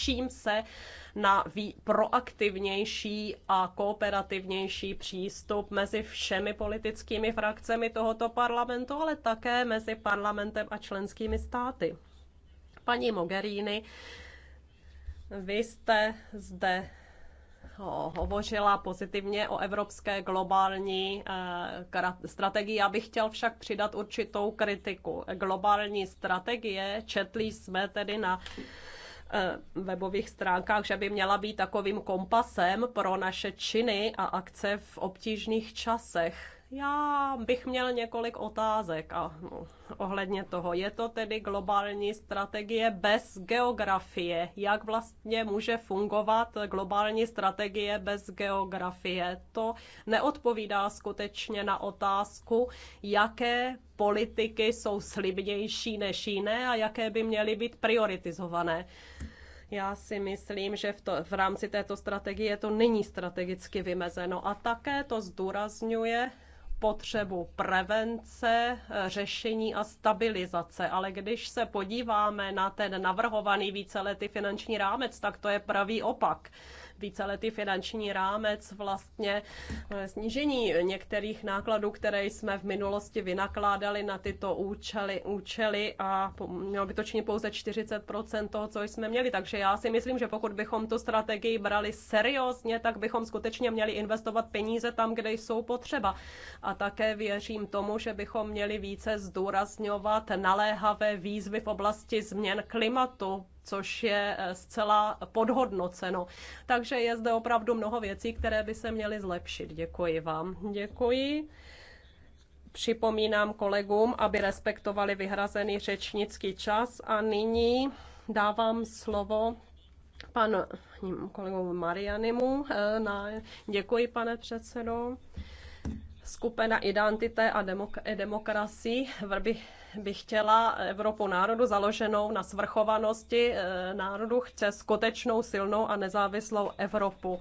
čím se na proaktivnější a kooperativnější přístup mezi všemi politickými frakcemi tohoto parlamentu, ale také mezi parlamentem a členskými státy. Paní Mogherini, vy jste zde hovořila pozitivně o evropské globální eh, strategii. Já bych chtěl však přidat určitou kritiku. Globální strategie, četli jsme tedy na Eh, webových stránkách, že by měla být takovým kompasem pro naše činy a akce v obtížných časech já bych měl několik otázek a no, ohledně toho. Je to tedy globální strategie bez geografie? Jak vlastně může fungovat globální strategie bez geografie? To neodpovídá skutečně na otázku, jaké politiky jsou slibnější než jiné a jaké by měly být prioritizované. Já si myslím, že v, to, v rámci této strategie to není strategicky vymezeno a také to zdůrazňuje potřebu prevence, řešení a stabilizace. Ale když se podíváme na ten navrhovaný víceletý finanční rámec, tak to je pravý opak víceletý finanční rámec vlastně eh, snížení některých nákladů, které jsme v minulosti vynakládali na tyto účely, účely a mělo by to činit pouze 40% toho, co jsme měli. Takže já si myslím, že pokud bychom tu strategii brali seriózně, tak bychom skutečně měli investovat peníze tam, kde jsou potřeba. A také věřím tomu, že bychom měli více zdůrazňovat naléhavé výzvy v oblasti změn klimatu, což je eh, zcela podhodnoceno. Takže je zde opravdu mnoho věcí, které by se měly zlepšit. Děkuji vám. Děkuji. Připomínám kolegům, aby respektovali vyhrazený řečnický čas a nyní dávám slovo panu kolegovi Marianimu. Eh, na, děkuji, pane předsedo skupina Identité a demok- demokracii bych chtěla Evropu národu založenou na svrchovanosti eh, národu, chce skutečnou silnou a nezávislou Evropu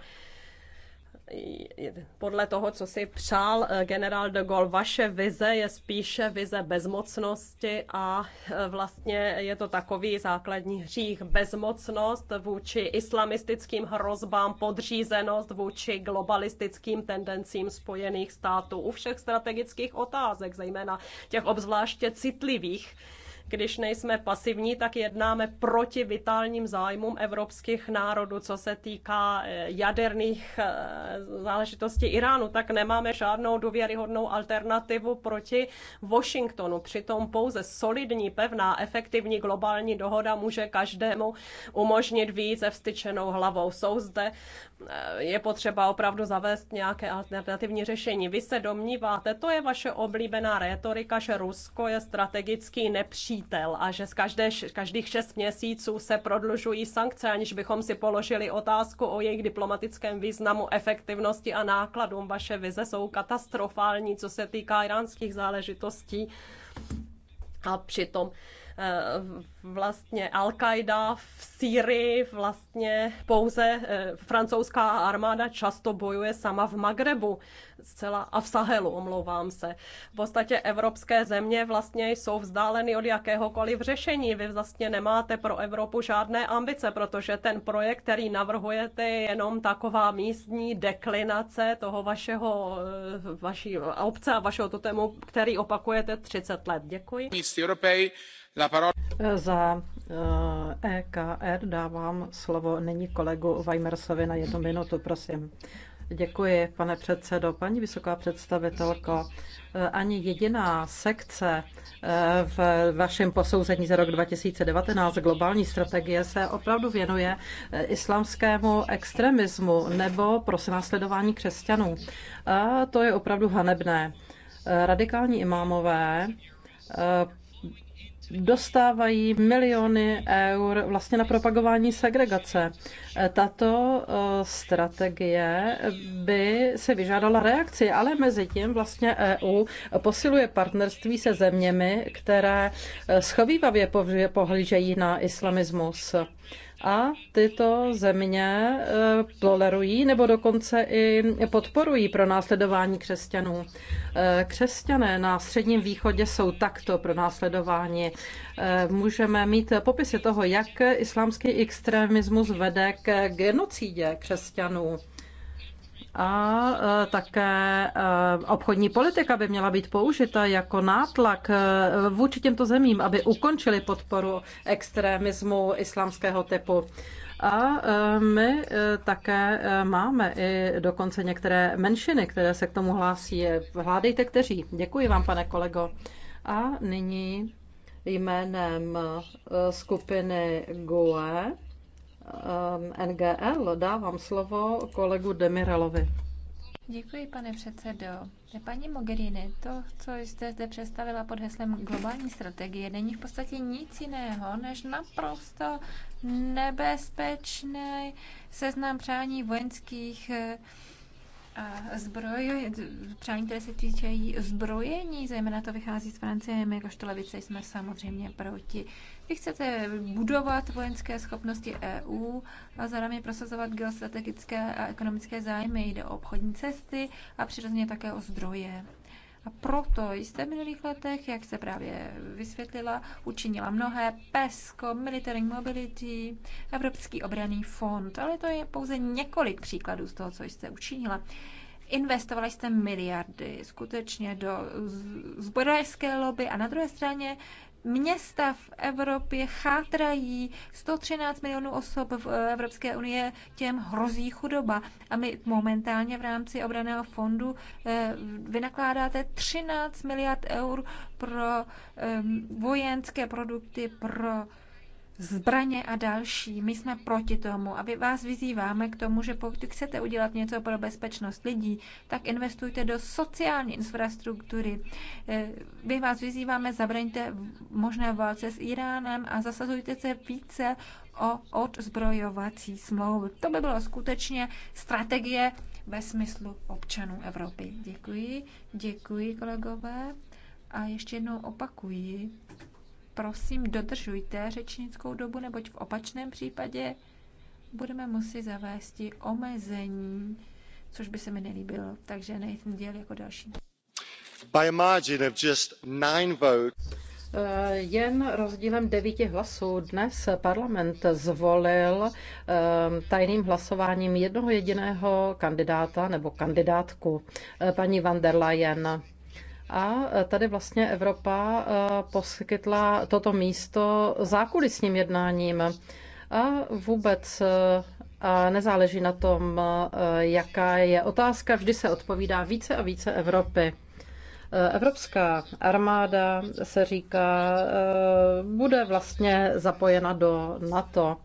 podle toho, co si přál eh, generál de Gaulle, vaše vize je spíše vize bezmocnosti a eh, vlastně je to takový základní hřích. Bezmocnost vůči islamistickým hrozbám, podřízenost vůči globalistickým tendencím Spojených států u všech strategických otázek, zejména těch obzvláště citlivých když nejsme pasivní, tak jednáme proti vitálním zájmům evropských národů, co se týká eh, jaderných eh, záležitostí Iránu, tak nemáme žádnou důvěryhodnou alternativu proti Washingtonu. Přitom pouze solidní, pevná, efektivní globální dohoda může každému umožnit víc ze vstyčenou hlavou. Jsou zde Eh, je potřeba opravdu zavést nějaké alternativní řešení. Vy se domníváte, to je vaše oblíbená rétorika, že Rusko je strategický nepřítel a že z každé, každých šest měsíců se prodlužují sankce, aniž bychom si položili otázku o jejich diplomatickém významu, efektivnosti a nákladům. Vaše vize jsou katastrofální, co se týká iránských záležitostí. A přitom eh, vlastně Al-Qaida v Sýrii vlastně pouze eh, francouzská armáda často bojuje sama v Magrebu zcela, a v Sahelu, omlouvám se. V podstatě evropské země vlastně jsou vzdáleny od jakéhokoliv řešení. Vy vlastně nemáte pro Evropu žádné ambice, protože ten projekt, který navrhujete, je jenom taková místní deklinace toho vašeho, eh, vaší obce a vašeho totému, který opakujete 30 let. Děkuji. Evropy, la parola... Za EKR eh, e dávám slovo nyní kolegu Weimersovi na jednu minutu, prosím. Děkuji, pane předsedo. Paní vysoká představitelko, eh, ani jediná sekce eh, v vašem posouzení za rok 2019 globální strategie se opravdu věnuje islámskému extremismu nebo pronásledování křesťanů. A to je opravdu hanebné. Radikální imámové dostávají miliony eur vlastně na propagování segregace. Tato eh, strategie by se vyžádala reakci, ale mezi tím vlastně EU posiluje partnerství se zeměmi, které eh, schovývavě pohlížejí na islamismus a tyto země eh, tolerují nebo dokonce i podporují pro následování křesťanů. Eh, křesťané na Středním východě jsou takto pro následování. Eh, můžeme mít popisy toho, jak islámský extremismus vede k genocídě křesťanů a e, také e, obchodní politika by měla být použita jako nátlak e, vůči těmto zemím, aby ukončili podporu extremismu islámského typu. A my také máme i dokonce některé menšiny, které se k tomu hlásí. Hládejte, kteří. Děkuji vám, pane kolego. A nyní jménem skupiny GUE NGL dávám slovo kolegu Demirelovi. Děkuji, pane předsedo. Paní Mogherini, to, co jste zde představila pod heslem globální strategie, není v podstatě nic jiného než naprosto nebezpečný seznam přání vojenských a přání, které se týče zbrojení, zejména to vychází z Francie, my jako levice jsme samozřejmě proti. Vy chcete budovat vojenské schopnosti EU a zároveň prosazovat geostrategické a ekonomické zájmy, jde o obchodní cesty a přirozeně také o zdroje. A proto jste v minulých letech, jak se právě vysvětlila, učinila mnohé PESCO, Military Mobility, Evropský obraný fond, ale to je pouze několik příkladů z toho, co jste učinila. Investovali jste miliardy skutečně do zbrojské lobby a na druhé straně Města v Evropě chátrají, 113 milionů osob v Evropské unie těm hrozí chudoba. A my momentálně v rámci obraného fondu eh, vynakládáte 13 miliard eur pro vojenské produkty, pro zbraně a další. My jsme proti tomu a vás vyzýváme k tomu, že pokud chcete udělat něco pro bezpečnost lidí, tak investujte do sociální infrastruktury. Eh, my vás vyzýváme, zabraňte možné válce s Iránem a zasazujte se více o odzbrojovací smlouvu. To by bylo skutečně strategie ve smyslu občanů Evropy. Děkuji, děkuji kolegové a ještě jednou opakuji, prosím dodržujte řečnickou dobu, neboť v opačném případě budeme muset zavést omezení, což by se mi nelíbilo. Takže Nathan Děl jako další. By a margin of just nine votes. Eh, jen rozdílem devíti hlasů dnes parlament zvolil eh, tajným hlasováním jednoho jediného kandidáta nebo kandidátku, eh, paní van der Leyen a e, tady vlastně Evropa e, poskytla toto místo zákulisním jednáním. A vůbec e, nezáleží na tom, jaká je otázka, vždy se odpovídá více a více Evropy. Evropská armáda se říká, bude vlastně zapojena do NATO.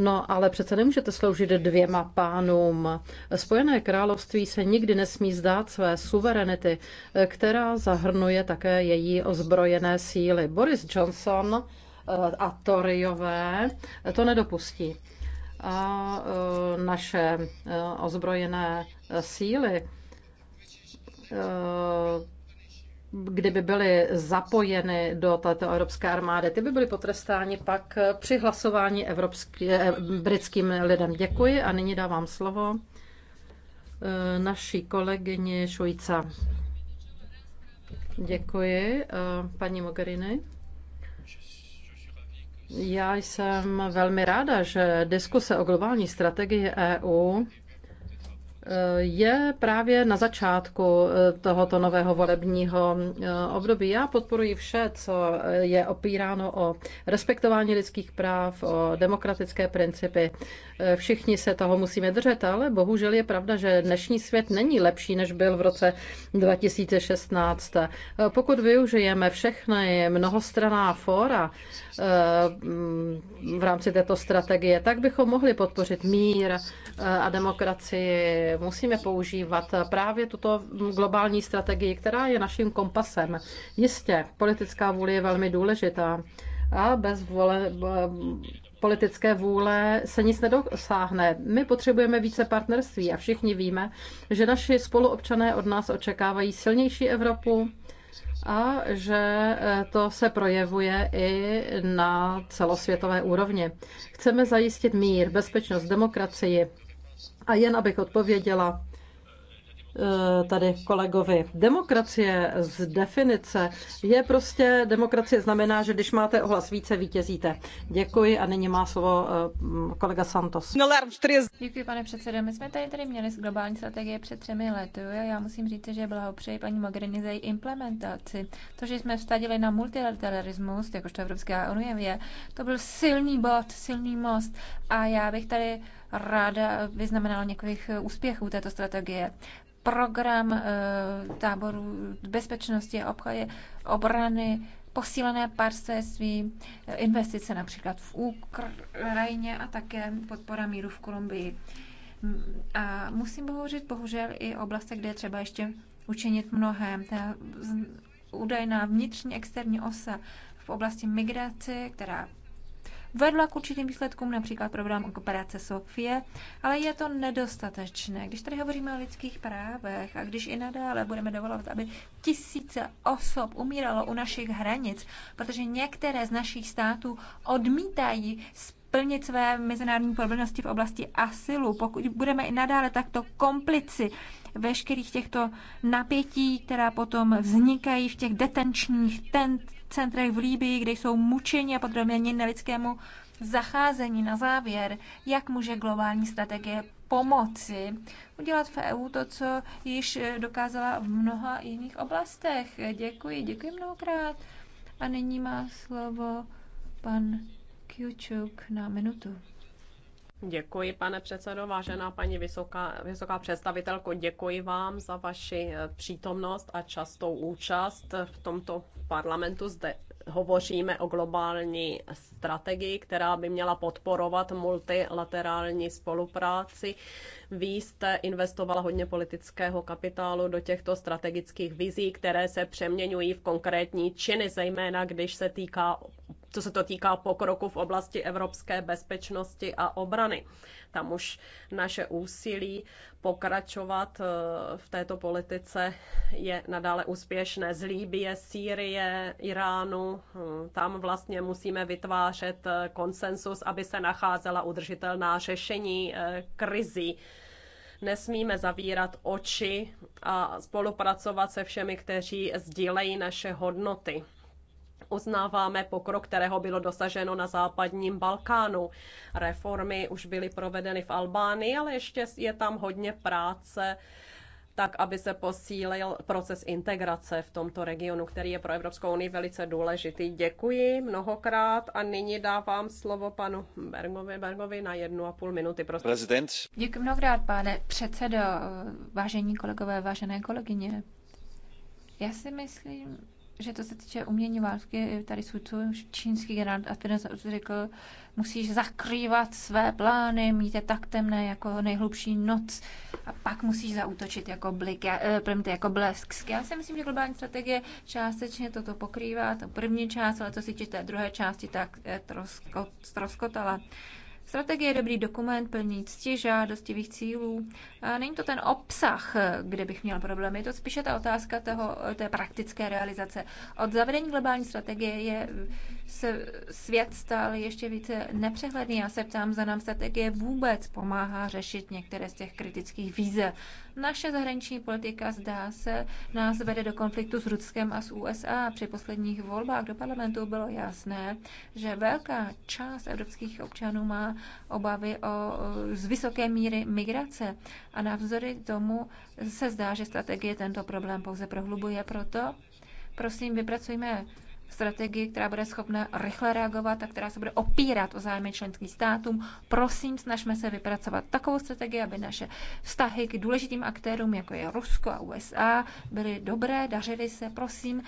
No ale přece nemůžete sloužit dvěma pánům. Spojené království se nikdy nesmí zdát své suverenity, která zahrnuje také její ozbrojené síly. Boris Johnson eh, a Toryové eh, to nedopustí. A eh, naše ozbrojené síly kdyby byly zapojeny do této evropské armády, ty by byly potrestáni pak při hlasování evropský, eh, britským lidem. Děkuji a nyní dávám slovo eh, naší kolegyně Šujca. Děkuji, eh, paní Mogherini. Já jsem velmi ráda, že diskuse o globální strategii EU je právě na začátku eh, tohoto nového volebního eh, období. Já podporuji vše, co je opíráno o respektování lidských práv, o demokratické principy. Eh, všichni se toho musíme držet, ale bohužel je pravda, že dnešní svět není lepší, než byl v roce 2016. Pokud využijeme všechny mnohostraná fóra v rámci této strategie, tak bychom mohli podpořit mír a demokracii musíme používat právě tuto globální strategii, která je naším kompasem. Jistě, politická vůle je velmi důležitá a bez vole, politické vůle se nic nedosáhne. My potřebujeme více partnerství a všichni víme, že naši spoluobčané od nás očekávají silnější Evropu a že to se projevuje i na celosvětové úrovni. Chceme zajistit mír, bezpečnost, demokracii a jen abych odpověděla eh, tady kolegovi. Demokracie z definice je prostě, demokracie znamená, že když máte ohlas více, vítězíte. Děkuji a nyní má slovo eh, kolega Santos. Děkuji, pane předsedo. My jsme tady tady měli globální strategie před třemi lety já musím říct, že byla opřeji paní Mogherini za její implementaci. To, že jsme vstadili na multilateralismus, jakožto Evropská unie, je, to byl silný bod, silný most a já bych tady ráda vyznamenala několik úspěchů této strategie. Program eh, táboru bezpečnosti a obchody, obrany, posílené partnerství, eh, investice například v Ukrajině a také podpora míru v Kolumbii. A musím hovořit bohužel i o oblastech, kde je třeba ještě učinit mnohem. Ta údajná vnitřní externí osa v oblasti migrace, která vedla k určitým výsledkům, například program operace Sofie, ale je to nedostatečné. Když tady hovoříme o lidských právech a když i nadále budeme dovolovat, aby tisíce osob umíralo u našich hranic, protože některé z našich států odmítají plnit své mezinárodní povinnosti v oblasti asilu. Pokud budeme i nadále takto komplici veškerých těchto napětí, která potom vznikají v těch detenčních tent, centrech v Líbii, kde jsou mučeni a podrobeni nelidskému zacházení. Na závěr, jak může globální strategie pomoci udělat v EU to, co již dokázala v mnoha jiných oblastech. Děkuji, děkuji mnohokrát. A nyní má slovo pan Kjučuk na minutu. Děkuji, pane předsedo, vážená paní vysoká, vysoká představitelko, děkuji vám za vaši eh, přítomnost a častou účast v tomto parlamentu. Zde hovoříme o globální strategii, která by měla podporovat multilaterální spolupráci. Vy jste investovala hodně politického kapitálu do těchto strategických vizí, které se přeměňují v konkrétní činy, zejména když se týká co se to týká pokroku v oblasti evropské bezpečnosti a obrany. Tam už naše úsilí pokračovat eh, v této politice je nadále úspěšné. Z Líbie, Sýrie, Iránu, hm, tam vlastně musíme vytvářet eh, konsensus, aby se nacházela udržitelná řešení eh, krizi. nesmíme zavírat oči a spolupracovat se všemi, kteří sdílejí naše hodnoty. Uznáváme pokrok, kterého bylo dosaženo na západním Balkánu. Reformy už byly provedeny v Albánii, ale ještě je tam hodně práce tak, aby se posílil proces integrace v tomto regionu, který je pro Evropskou unii velice důležitý. Děkuji mnohokrát a nyní dávám slovo panu Bergovi, Bergovi na jednu a půl minuty. Prosím. Prezident. Děkuji mnohokrát, pane předsedo, vážení kolegové, vážené kolegyně. Já si myslím, že to se týče umění války, tady tu čínský generál a ten řekl, musíš zakrývat své plány, mít je tak temné jako nejhlubší noc a pak musíš zautočit jako, blik, eh, promiňte, jako blesk. Já si myslím, že globální strategie částečně toto pokrývá, to první část, ale to si té druhé části tak stroskotala. Eh, trosko, Strategie je dobrý dokument, plní cti žádostivých cílů. A není to ten obsah, kde bych měl problém, je to spíše ta otázka toho, té praktické realizace. Od zavedení globální strategie je, se svět stal ještě více nepřehledný. Já se ptám, za nám strategie vůbec pomáhá řešit některé z těch kritických víze. Naše zahraniční politika, zdá se, nás vede do konfliktu s Ruskem a s USA. Při posledních volbách do parlamentu bylo jasné, že velká část evropských občanů má obavy o, z vysoké míry migrace. A navzdory tomu se zdá, že strategie tento problém pouze prohlubuje. Proto prosím, vypracujme strategii, která bude schopna rychle reagovat a která se bude opírat o zájmy členských států. Prosím, snažme se vypracovat takovou strategii, aby naše vztahy k důležitým aktérům, jako je Rusko a USA, byly dobré, dařily se. Prosím,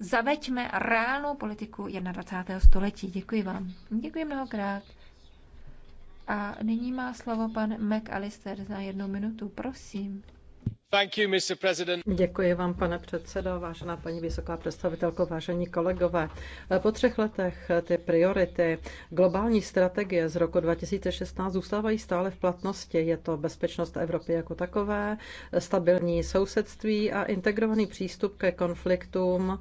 zaveďme reálnou politiku 21. století. Děkuji vám. Děkuji mnohokrát. A nyní má slovo pan McAllister na jednu minutu, prosím. You, Děkuji vám, pane předsedo, vážená paní vysoká představitelko, vážení kolegové. Po třech letech ty priority globální strategie z roku 2016 zůstávají stále v platnosti. Je to bezpečnost Evropy jako takové, stabilní sousedství a integrovaný přístup ke konfliktům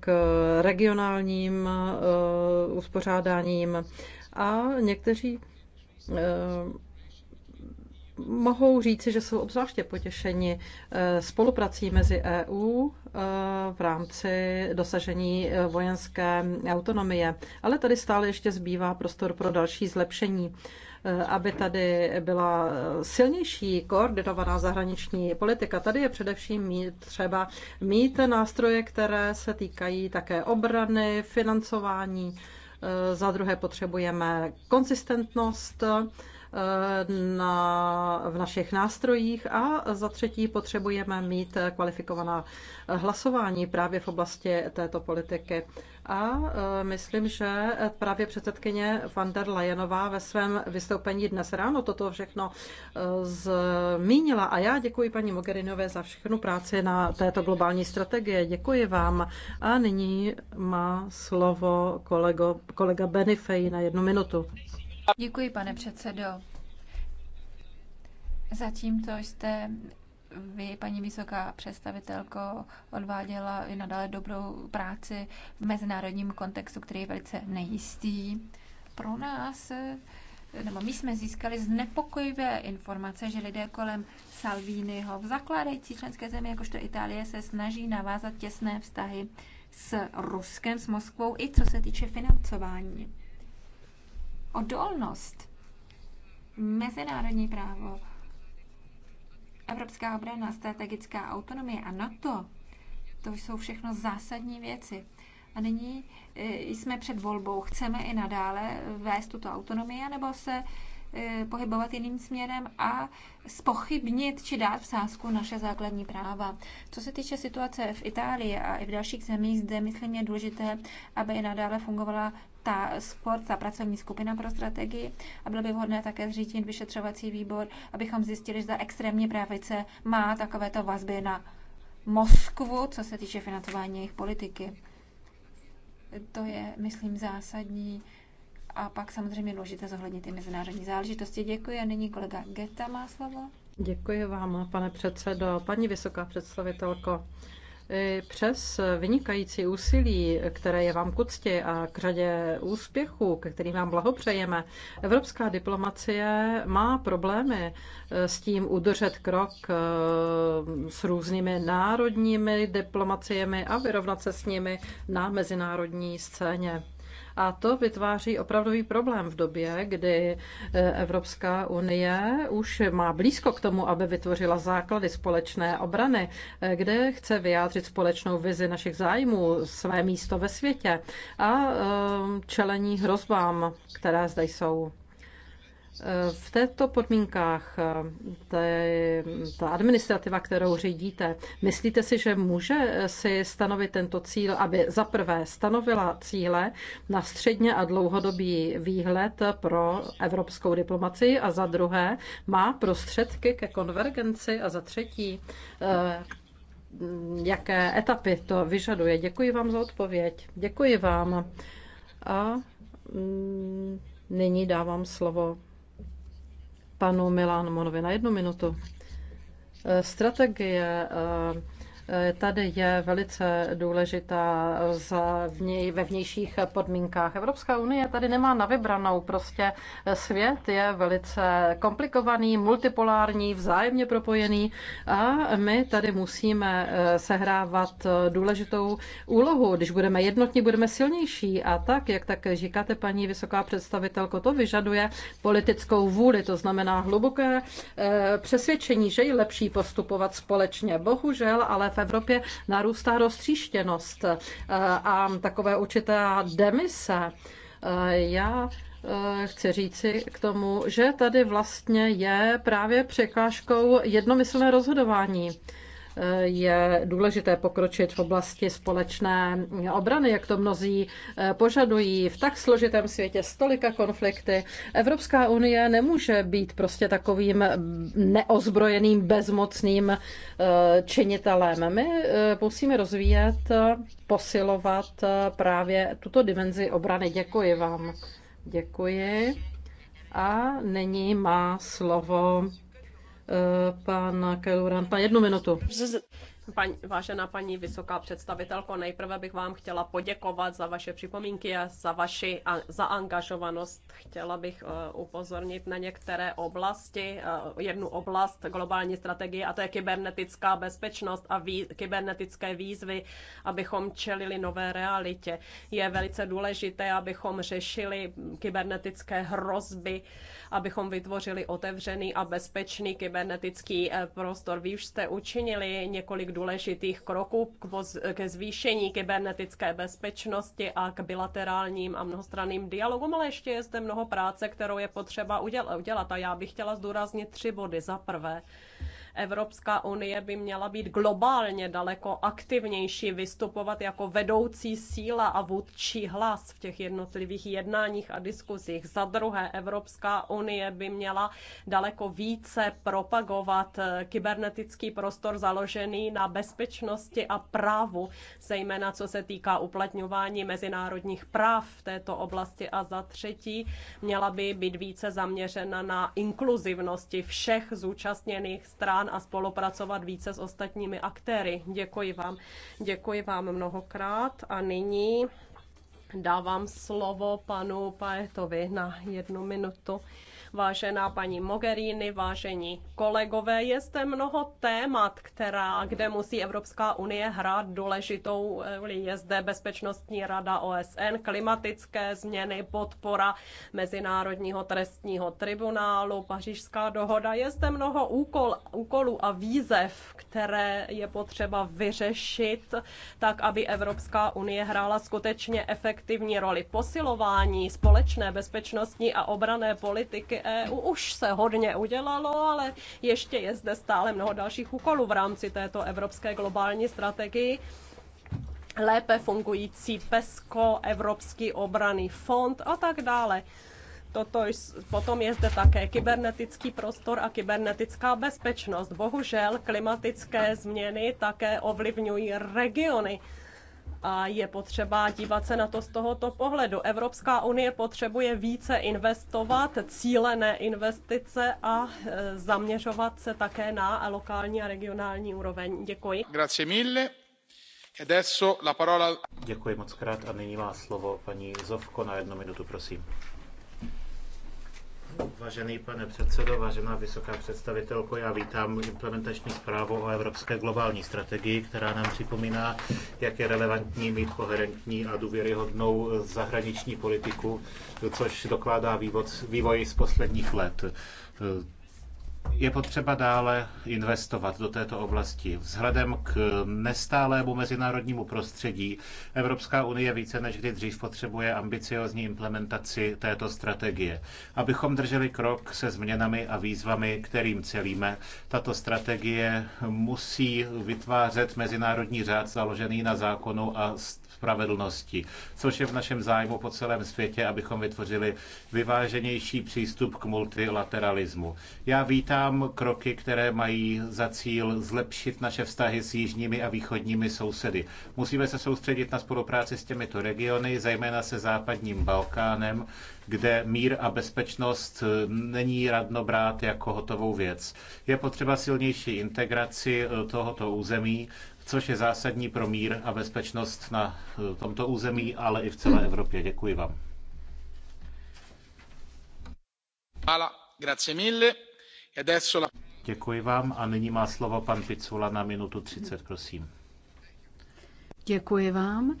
k regionálním eh, uspořádáním. A někteří Eh, mohou říci, že jsou obzvláště potěšeni eh, spoluprací mezi EU eh, v rámci dosažení vojenské autonomie. Ale tady stále ještě zbývá prostor pro další zlepšení, aby tady byla silnější koordinovaná zahraniční politika. Tady je především mít, třeba mít nástroje, které se týkají také obrany, financování Eh, za druhé potřebujeme konsistentnost eh, na, v našich nástrojích a za třetí potřebujeme mít kvalifikovaná hlasování právě v oblasti této politiky. A e, myslím, že právě předsedkyně van der Leyenová ve svém vystoupení dnes ráno toto všechno e, zmínila. A já děkuji paní Mogherinové za všechnu práci na této globální strategii. Děkuji vám. A nyní má slovo kolego, kolega Benifej na jednu minutu. Děkuji, pane předsedo. Zatímto jste vy, paní vysoká představitelko, odváděla i nadále dobrou práci v mezinárodním kontextu, který je velice nejistý. Pro nás, nebo my jsme získali znepokojivé informace, že lidé kolem Salviniho v zakládající členské zemi, jakožto Itálie, se snaží navázat těsné vztahy s Ruskem, s Moskvou, i co se týče financování. Odolnost, mezinárodní právo, Evropská obrana, strategická autonomie a NATO, to jsou všechno zásadní věci. A nyní eh, jsme před volbou. Chceme i nadále vést tuto autonomii, nebo se Eh, pohybovat jiným směrem a spochybnit či dát v sázku naše základní práva. Co se týče situace v Itálii a i v dalších zemích, zde myslím je důležité, aby i nadále fungovala ta sport, ta pracovní skupina pro strategii a bylo by vhodné také zřídit vyšetřovací výbor, abychom zjistili, že ta extrémní pravice má takovéto vazby na Moskvu, co se týče financování jejich politiky. To je, myslím, zásadní a pak samozřejmě důležité zohlednit i mezinárodní záležitosti. Děkuji a nyní kolega Geta má slovo. Děkuji vám, pane předsedo. Paní vysoká představitelko, přes vynikající úsilí, které je vám k úctě a k řadě úspěchů, ke kterým vám blahopřejeme, evropská diplomacie má problémy eh, s tím udržet krok eh, s různými národními diplomaciemi a vyrovnat se s nimi na mezinárodní scéně. A to vytváří opravdový problém v době, kdy eh, Evropská unie už má blízko k tomu, aby vytvořila základy společné obrany, eh, kde chce vyjádřit společnou vizi našich zájmů, své místo ve světě a eh, čelení hrozbám, které zde jsou. V této podmínkách eh, té, ta administrativa, kterou řídíte, myslíte si, že může eh, si stanovit tento cíl, aby za prvé stanovila cíle na středně a dlouhodobý výhled pro evropskou diplomaci a za druhé má prostředky ke konvergenci a za třetí eh, jaké etapy to vyžaduje. Děkuji vám za odpověď. Děkuji vám. A mm, nyní dávám slovo panu Milan Monovi na jednu minutu. Eh, strategie eh, Tady je velice důležitá za vněj, ve vnějších podmínkách. Evropská unie tady nemá na vybranou. Prostě svět je velice komplikovaný, multipolární, vzájemně propojený a my tady musíme eh, sehrávat důležitou úlohu. Když budeme jednotní, budeme silnější a tak, jak tak říkáte, paní vysoká představitelko, to vyžaduje politickou vůli, to znamená hluboké eh, přesvědčení, že je lepší postupovat společně. Bohužel, ale v Evropě narůstá roztříštěnost eh, a takové určité demise. Eh, já eh, chci říci k tomu, že tady vlastně je právě překážkou jednomyslné rozhodování je důležité pokročit v oblasti společné obrany, jak to mnozí eh, požadují. V tak složitém světě s tolika konflikty Evropská unie nemůže být prostě takovým neozbrojeným, bezmocným eh, činitelem. My eh, musíme rozvíjet, posilovat právě tuto dimenzi obrany. Děkuji vám. Děkuji. A nyní má slovo Eh, pan Kelurant na jednu minutu. Paň, vážená paní vysoká představitelko, nejprve bych vám chtěla poděkovat za vaše připomínky a za vaši a, angažovanost. Chtěla bych uh, upozornit na některé oblasti, uh, jednu oblast globální strategie, a to je kybernetická bezpečnost a vý, kybernetické výzvy, abychom čelili nové realitě. Je velice důležité, abychom řešili kybernetické hrozby, abychom vytvořili otevřený a bezpečný kybernetický eh, prostor. Vy už jste učinili několik důležitých důležitých kroků ke zvýšení kybernetické bezpečnosti a k bilaterálním a mnohostranným dialogům, ale ještě je zde mnoho práce, kterou je potřeba udělat. A já bych chtěla zdůraznit tři body. Za prvé, Evropská unie by měla být globálně daleko aktivnější, vystupovat jako vedoucí síla a vůdčí hlas v těch jednotlivých jednáních a diskuzích. Za druhé, Evropská unie by měla daleko více propagovat eh, kybernetický prostor založený na bezpečnosti a právu, zejména co se týká uplatňování mezinárodních práv v této oblasti. A za třetí, měla by být více zaměřena na inkluzivnosti všech zúčastněných stran plán a spolupracovat více s ostatními aktéry. Děkuji vám. Děkuji vám mnohokrát a nyní dávám slovo panu Paetovi na jednu minutu vážená paní Mogherini, vážení kolegové. Je zde mnoho témat, která, kde musí Evropská unie hrát důležitou, je zde Bezpečnostní rada OSN, klimatické změny, podpora Mezinárodního trestního tribunálu, Pařížská dohoda. Je zde mnoho úkol, úkolů a výzev, které je potřeba vyřešit, tak aby Evropská unie hrála skutečně efektivní roli. Posilování společné bezpečnostní a obrané politiky EU. Už se hodně udělalo, ale ještě je zde stále mnoho dalších úkolů v rámci této evropské globální strategii lépe fungující PESCO, Evropský obraný fond a tak dále. Toto, potom je zde také kybernetický prostor a kybernetická bezpečnost. Bohužel klimatické změny také ovlivňují regiony a je potřeba dívat se na to z tohoto pohledu. Evropská unie potřebuje více investovat, cílené investice a e, zaměřovat se také na lokální a regionální úroveň. Děkuji. Grazie mille. E adesso la parola... Děkuji moc krát a nyní má slovo paní Zovko na jednu minutu, prosím. Vážený pane předsedo, vážená vysoká představitelko, já vítám implementační zprávu o evropské globální strategii, která nám připomíná, jak je relevantní mít koherentní a důvěryhodnou zahraniční politiku, což dokládá vývoj z posledních let je potřeba dále investovat do této oblasti. Vzhledem k nestálému mezinárodnímu prostředí Evropská unie více než kdy dřív potřebuje ambiciozní implementaci této strategie. Abychom drželi krok se změnami a výzvami, kterým celíme, tato strategie musí vytvářet mezinárodní řád založený na zákonu a spravedlnosti, což je v našem zájmu po celém světě, abychom vytvořili vyváženější přístup k multilateralismu. Já vítám Vítám kroky, které mají za cíl zlepšit naše vztahy s jižními a východními sousedy. Musíme se soustředit na spolupráci s těmito regiony, zejména se západním Balkánem, kde mír a bezpečnost není radno brát jako hotovou věc. Je potřeba silnější integraci eh, tohoto území, což je zásadní pro mír a bezpečnost na eh, tomto území, ale i v celé Evropě. Děkuji vám. Ala, grazie mille. Děkuji vám a nyní má slovo pan Picula na minutu 30, prosím. Děkuji vám.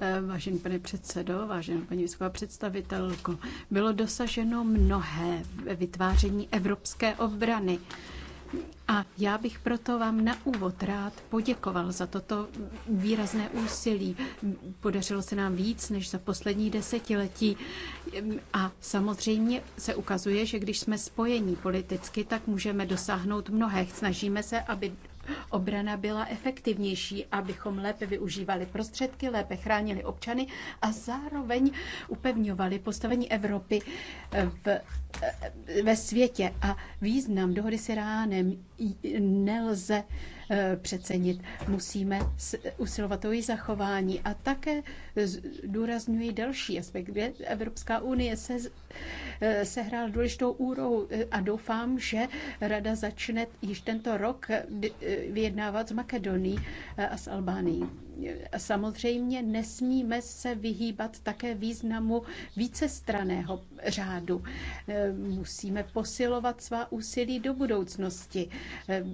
Eh, vážený pane předsedo, vážená paní vysoká představitelko, bylo dosaženo mnohé vytváření evropské obrany. A já bych proto vám na úvod rád poděkoval za toto výrazné úsilí. Podařilo se nám víc než za poslední desetiletí. A samozřejmě se ukazuje, že když jsme spojení politicky, tak můžeme dosáhnout mnohé. Snažíme se, aby obrana byla efektivnější, abychom lépe využívali prostředky, lépe chránili občany a zároveň upevňovali postavení Evropy eh, v, eh, ve světě. A význam dohody s Iránem nelze Eh, přecenit. Musíme usilovat o její zachování. A také důrazňuji další aspekt, kde Evropská unie se eh, sehrál důležitou úrohu a doufám, že Rada začne již tento rok eh, vyjednávat s Makedonií a s Albánií samozřejmě nesmíme se vyhýbat také významu vícestraného řádu. Eh, musíme posilovat svá úsilí do budoucnosti. Eh,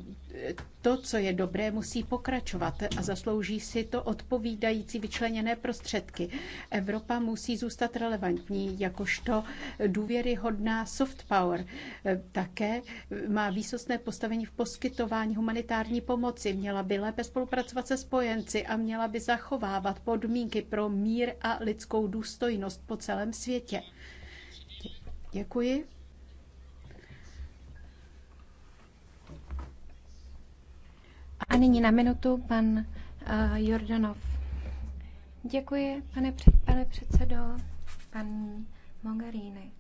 to, co je dobré, musí pokračovat a zaslouží si to odpovídající vyčleněné prostředky. Evropa musí zůstat relevantní jakožto důvěryhodná soft power. Eh, také má výsostné postavení v poskytování humanitární pomoci. Měla by lépe spolupracovat se spojenci a měla měla by zachovávat podmínky pro mír a lidskou důstojnost po celém světě. Děkuji. A nyní na minutu pan uh, Jordanov. Děkuji, pane, před, pane předsedo, paní Mogherini.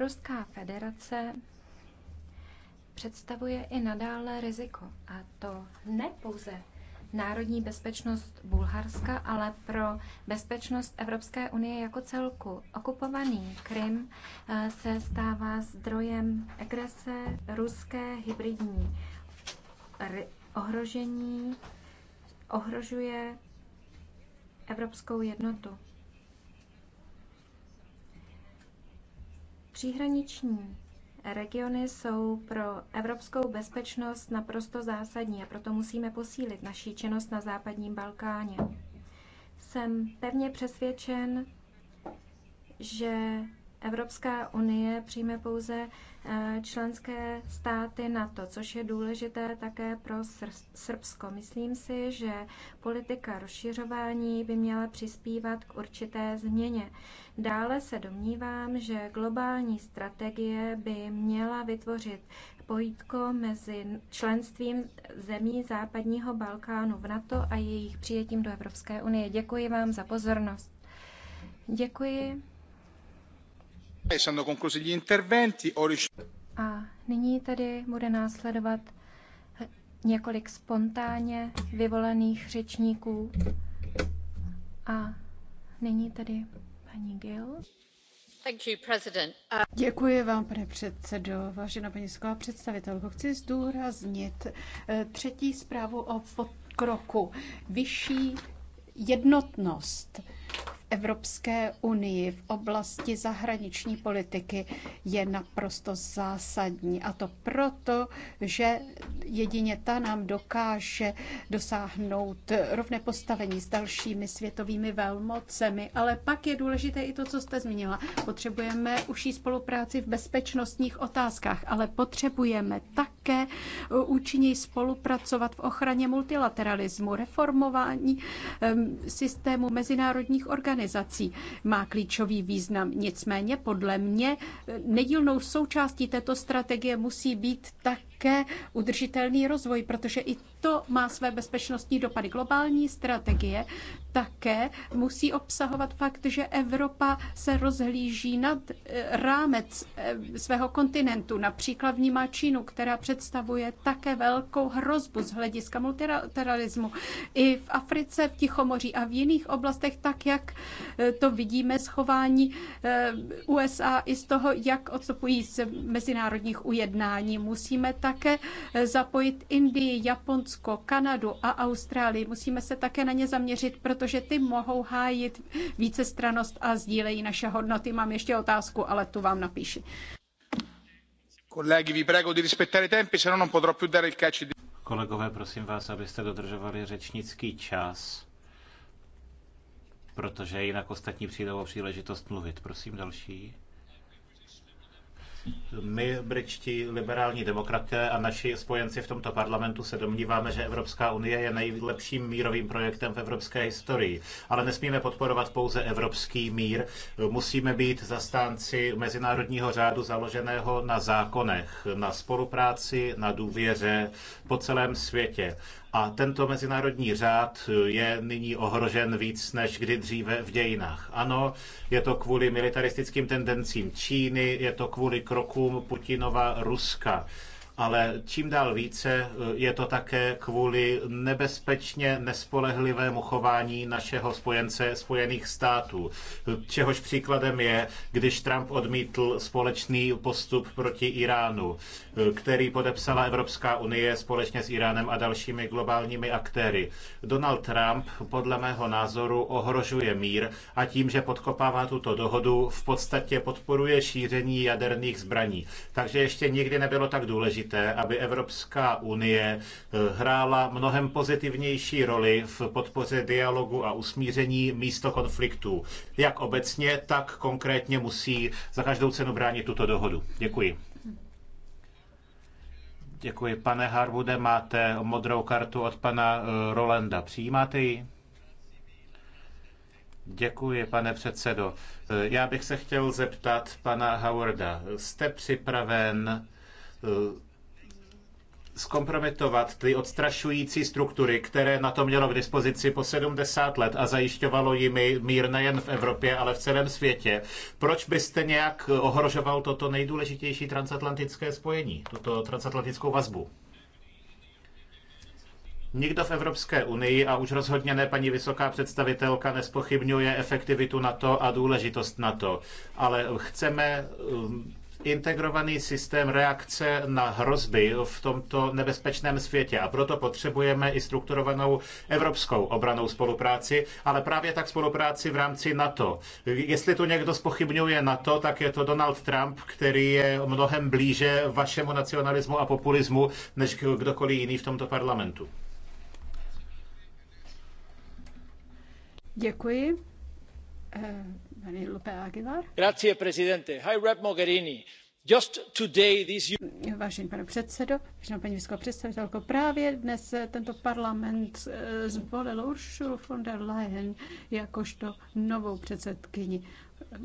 Ruská federace představuje i nadále riziko, a to ne pouze národní bezpečnost Bulharska, ale pro bezpečnost Evropské unie jako celku. Okupovaný Krym eh, se stává zdrojem agrese ruské hybridní ohrožení, ohrožuje evropskou jednotu. Příhraniční Regiony jsou pro evropskou bezpečnost naprosto zásadní a proto musíme posílit naší činnost na západním Balkáně. Jsem pevně přesvědčen, že Evropská unie přijme pouze eh, členské státy NATO, což je důležité také pro Srbsko. Myslím si, že politika rozšiřování by měla přispívat k určité změně. Dále se domnívám, že globální strategie by měla vytvořit pojítko mezi členstvím zemí západního Balkánu v NATO a jejich přijetím do Evropské unie. Děkuji vám za pozornost. Děkuji. E A nyní tedy bude následovat eh, několik spontánně vyvolených řečníků. A nyní tedy paní Gill. Uh, Děkuji vám, pane předsedo. Vážená paní vysoká představitelko, chci zdůraznit eh, třetí zprávu o pokroku. Vyšší jednotnost Evropské unii v oblasti zahraniční politiky je naprosto zásadní. A to proto, že jedině ta nám dokáže dosáhnout rovné postavení s dalšími světovými velmocemi. Ale pak je důležité i to, co jste zmínila. Potřebujeme užší spolupráci v bezpečnostních otázkách, ale potřebujeme také účinněji spolupracovat v ochraně multilateralismu, reformování systému mezinárodních organizací organizací má klíčový význam. Nicméně podle mě nedílnou součástí této strategie musí být také udržitelný rozvoj, protože i to má své bezpečnostní dopady. Globální strategie také musí obsahovat fakt, že Evropa se rozhlíží nad eh, rámec eh, svého kontinentu. Například vnímá Čínu, která představuje také velkou hrozbu z hlediska multilateralismu. I v Africe, v Tichomoří a v jiných oblastech, tak jak eh, to vidíme schování USA i z toho, jak odstupují z mezinárodních ujednání. Musíme také zapojit Indii, Japonsko, Japonsko, Kanadu a Austrálii. Musíme se také na ně zaměřit, protože ty mohou hájit vícestranost a sdílejí naše hodnoty. Mám ještě otázku, ale tu vám napíši. Kolegy, vi prego di rispettare tempi, se no non potrò più dare il di... Kolegové, prosím vás, abyste dodržovali řečnický čas, protože jinak ostatní přijdou o příležitost mluvit. Prosím další. My, brečtí liberální demokraté a naši spojenci v tomto parlamentu se domníváme, že Evropská unie je nejlepším mírovým projektem v evropské historii. Ale nesmíme podporovat pouze evropský mír. Musíme být zastánci mezinárodního řádu založeného na zákonech, na spolupráci, na důvěře po celém světě. A tento mezinárodní řád je nyní ohrožen víc než kdy dříve v dějinách. Ano, je to kvůli militaristickým tendencím Číny, je to kvůli krokům Putinova Ruska ale čím dál více eh, je to také kvůli nebezpečně nespolehlivému chování našeho spojence Spojených států. Čehož příkladem je, když Trump odmítl společný postup proti Iránu který podepsala Evropská unie společně s Iránem a dalšími globálními aktéry. Donald Trump podle mého názoru ohrožuje mír a tím, že podkopává tuto dohodu, v podstatě podporuje šíření jaderných zbraní. Takže ještě nikdy nebylo tak důležité, aby Evropská unie eh, hrála mnohem pozitivnější roli v podpoře dialogu a usmíření místo konfliktů. Jak obecně, tak konkrétně musí za každou cenu bránit tuto dohodu. Děkuji. Děkuji. Pane Harvude, máte modrou kartu od pana eh, Rolanda. Přijímáte ji? Děkuji, pane předsedo. Eh, já bych se chtěl zeptat pana Howarda. Jste připraven eh, zkompromitovat ty odstrašující struktury, které na to mělo k dispozici po 70 let a zajišťovalo jim mír nejen v Evropě, ale v celém světě. Proč byste nějak ohrožoval toto nejdůležitější transatlantické spojení, tuto transatlantickou vazbu? Nikdo v Evropské unii a už rozhodně ne paní vysoká představitelka nespochybňuje efektivitu NATO a důležitost NATO, ale chceme um, integrovaný systém reakce na hrozby v tomto nebezpečném světě a proto potřebujeme i strukturovanou evropskou obranou spolupráci, ale právě tak spolupráci v rámci NATO. Jestli tu někdo spochybňuje NATO, tak je to Donald Trump, který je mnohem blíže vašemu nacionalismu a populismu než kdokoliv jiný v tomto parlamentu. Děkuji. Eh, Vážený pane předsedající vážená paní vysoká představitelko, právě dnes tento parlament eh, zvolil Ursulu von der Leyen jakožto novou předsedkyni eh,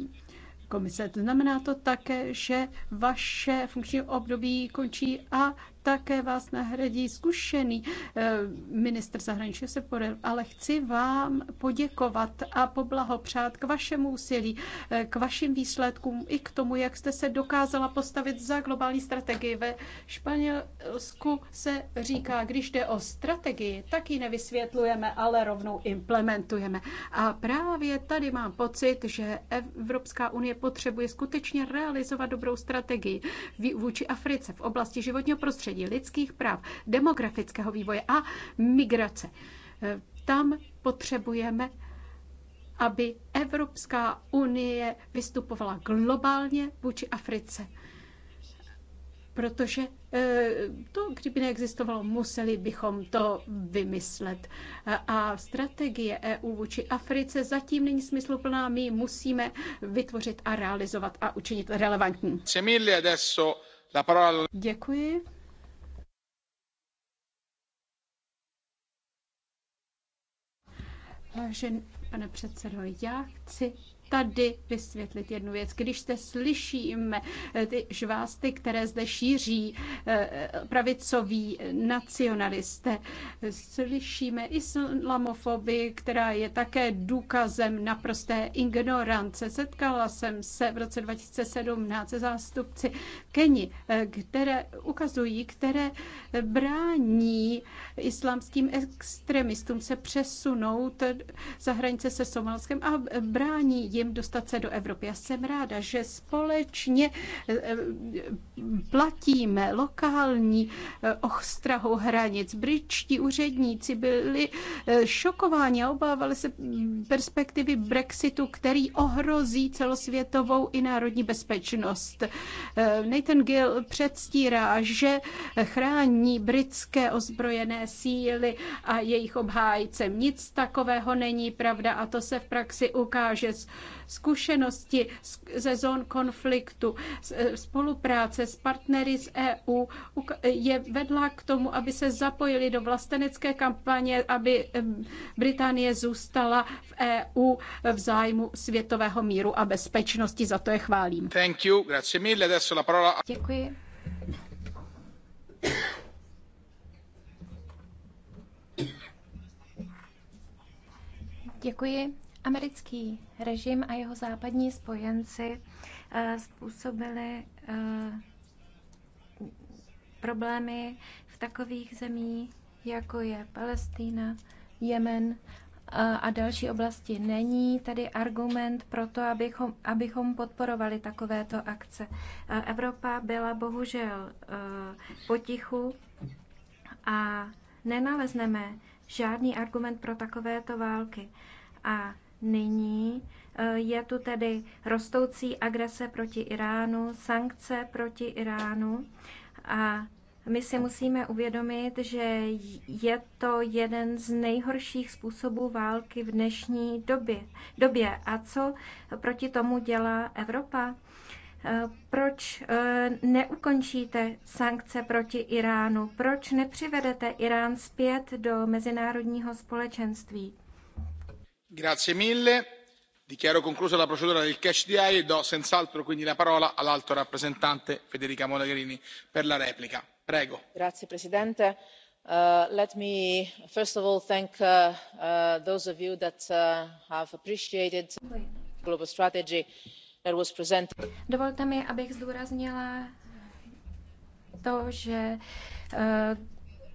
komise. To znamená to také, že vaše funkční období končí a také vás nahradí zkušený eh, minister zahraničí Sepore, ale chci vám poděkovat a poblahopřát k vašemu úsilí, eh, k vašim výsledkům i k tomu, jak jste se dokázala postavit za globální strategii. Ve Španělsku se říká, když jde o strategii, tak ji nevysvětlujeme, ale rovnou implementujeme. A právě tady mám pocit, že Evropská unie potřebuje skutečně realizovat dobrou strategii vůči Africe v oblasti životního prostředí prostředí, lidských práv, demografického vývoje a migrace. E, tam potřebujeme, aby Evropská unie vystupovala globálně vůči Africe protože e, to, kdyby neexistovalo, museli bychom to vymyslet. E, a strategie EU vůči Africe zatím není smysluplná, my musíme vytvořit a realizovat a učinit relevantní. Děkuji. Vážený pane předsedo, já chci tady vysvětlit jednu věc. Když se slyšíme eh, ty žvásty, které zde šíří eh, pravicoví nacionalisté, slyšíme islamofobii, která je také důkazem naprosté ignorance. Setkala jsem se v roce 2017 se zástupci Keni, eh, které ukazují, které brání islámským extremistům se přesunout za hranice se Somalskem a brání jim dostat se do Evropy. Já jsem ráda, že společně eh, platíme lokální eh, ochstrahu hranic. Britští úředníci byli eh, šokováni a obávali se perspektivy Brexitu, který ohrozí celosvětovou i národní bezpečnost. Nathan Gill předstírá, že chrání britské ozbrojené síly a jejich obhájcem. Nic takového není pravda a to se v praxi ukáže zkušenosti ze zón konfliktu, spolupráce s partnery z EU je vedla k tomu, aby se zapojili do vlastenecké kampaně, aby Británie zůstala v EU v zájmu světového míru a bezpečnosti. Za to je chválím. Thank you. Grazie mille. Adesso la parola... Děkuji. Děkuji. Americký režim a jeho západní spojenci eh, způsobili eh, problémy v takových zemích, jako je Palestína, Jemen eh, a další oblasti. Není tady argument pro to, abychom, abychom podporovali takovéto akce. Evropa byla bohužel potichu a nenalezneme žádný argument pro takovéto války. A Nyní eh, je tu tedy rostoucí agrese proti Iránu, sankce proti Iránu a my si musíme uvědomit, že je to jeden z nejhorších způsobů války v dnešní době. době. A co proti tomu dělá Evropa? Eh, proč eh, neukončíte sankce proti Iránu? Proč nepřivedete Irán zpět do mezinárodního společenství? grazie mille dichiaro conclusa la procedura del catch the eye e do senz'altro quindi la parola all'alto rappresentante federica mogherini per la replica. mr president uh, let me first of all thank uh, uh, those of you that have appreciated the global strategy that was presented. dovolte mi abych zdůraznila to že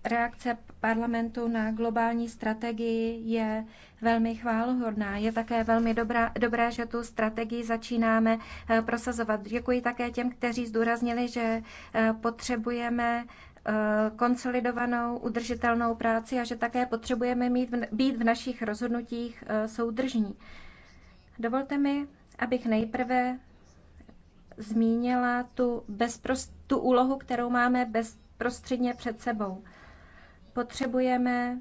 Reakce parlamentu na globální strategii je velmi chválohodná. Je také velmi dobrá, dobré, že tu strategii začínáme eh, prosazovat. Děkuji také těm, kteří zdůraznili, že eh, potřebujeme eh, konsolidovanou, udržitelnou práci a že také potřebujeme mít, být v našich rozhodnutích soudržní. Dovolte mi, abych nejprve zmínila tu, bezprost, tu úlohu, kterou máme bezprostředně před sebou. Potřebujeme,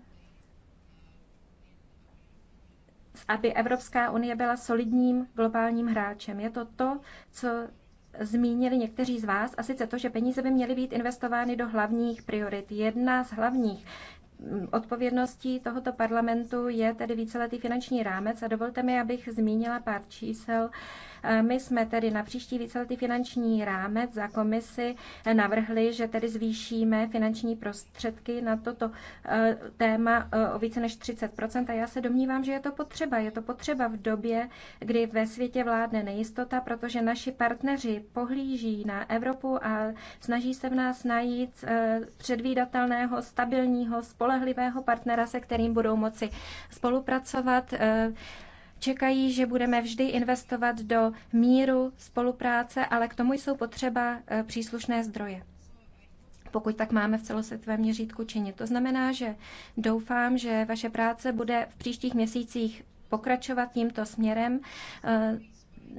aby Evropská unie byla solidním globálním hráčem. Je to to, co zmínili někteří z vás, a sice to, že peníze by měly být investovány do hlavních priorit. Jedna z hlavních mm, odpovědností tohoto parlamentu je tedy víceletý finanční rámec a dovolte mi, abych zmínila pár čísel Eh, my jsme tedy na příští víceletý finanční rámec za komisi eh, navrhli, že tedy zvýšíme finanční prostředky na toto eh, téma o více než 30 a já se domnívám, že je to potřeba. Je to potřeba v době, kdy ve světě vládne nejistota, protože naši partneři pohlíží na Evropu a snaží se v nás najít předvídatelného, stabilního, spolehlivého partnera, se kterým budou moci spolupracovat čekají, že budeme vždy investovat do míru, spolupráce, ale k tomu jsou potřeba e, příslušné zdroje pokud tak máme v celosvětovém měřítku činit. To znamená, že doufám, že vaše práce bude v příštích měsících pokračovat tímto směrem. E,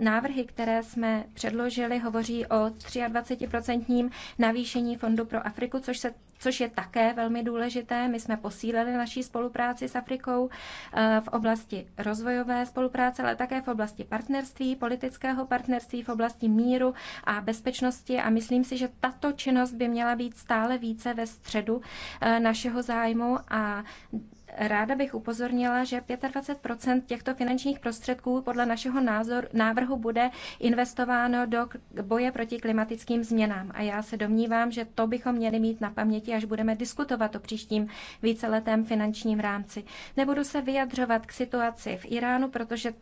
návrhy, které jsme předložili, hovoří o 23% navýšení fondu pro Afriku, což se což je také velmi důležité. My jsme posílili naší spolupráci s Afrikou eh, v oblasti rozvojové spolupráce, ale také v oblasti partnerství, politického partnerství, v oblasti míru a bezpečnosti a myslím si, že tato činnost by měla být stále více ve středu eh, našeho zájmu a Ráda bych upozornila, že 25 těchto finančních prostředků podle našeho názor, návrhu bude investováno do boje proti klimatickým změnám. A já se domnívám, že to bychom měli mít na paměti, až budeme diskutovat o příštím víceletém finančním rámci. Nebudu se vyjadřovat k situaci v Iránu, protože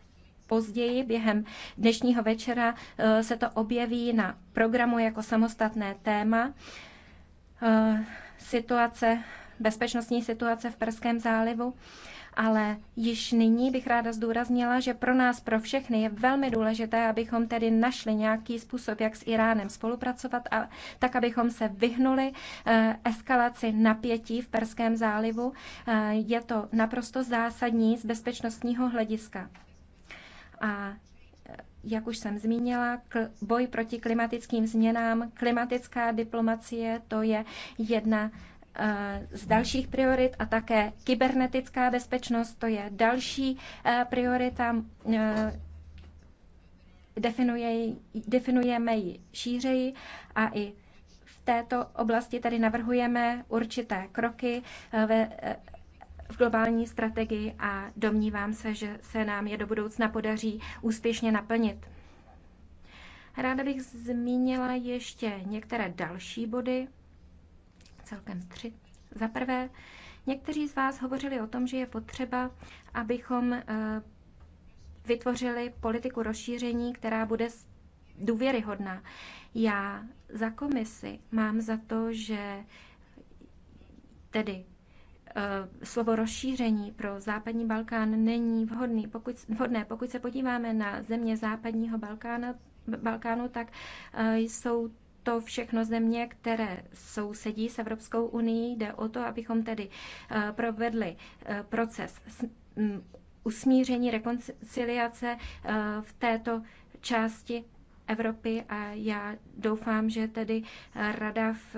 později během dnešního večera eh, se to objeví na programu jako samostatné téma. Eh, situace bezpečnostní situace v Perském zálivu, ale již nyní bych ráda zdůraznila, že pro nás, pro všechny je velmi důležité, abychom tedy našli nějaký způsob, jak s Iránem spolupracovat, a, tak abychom se vyhnuli eh, eskalaci napětí v Perském zálivu. Eh, je to naprosto zásadní z bezpečnostního hlediska. A eh, jak už jsem zmínila, boj proti klimatickým změnám, klimatická diplomacie, to je jedna z dalších priorit a také kybernetická bezpečnost, to je další eh, priorita. Eh, definujeme ji šířeji a i v této oblasti tady navrhujeme určité kroky eh, ve v globální strategii a domnívám se, že se nám je do budoucna podaří úspěšně naplnit. Ráda bych zmínila ještě některé další body celkem tři. Za prvé, někteří z vás hovořili o tom, že je potřeba, abychom eh, vytvořili politiku rozšíření, která bude důvěryhodná. Já za komisi mám za to, že tedy eh, slovo rozšíření pro západní Balkán není vhodný. Pokud, vhodné. Pokud se podíváme na země západního Balkánu, Balkánu, tak eh, jsou to všechno země, které sousedí s Evropskou unii. Jde o to, abychom tedy eh, provedli eh, proces mm, usmíření, rekonciliace eh, v této části Evropy a já doufám, že tedy Rada v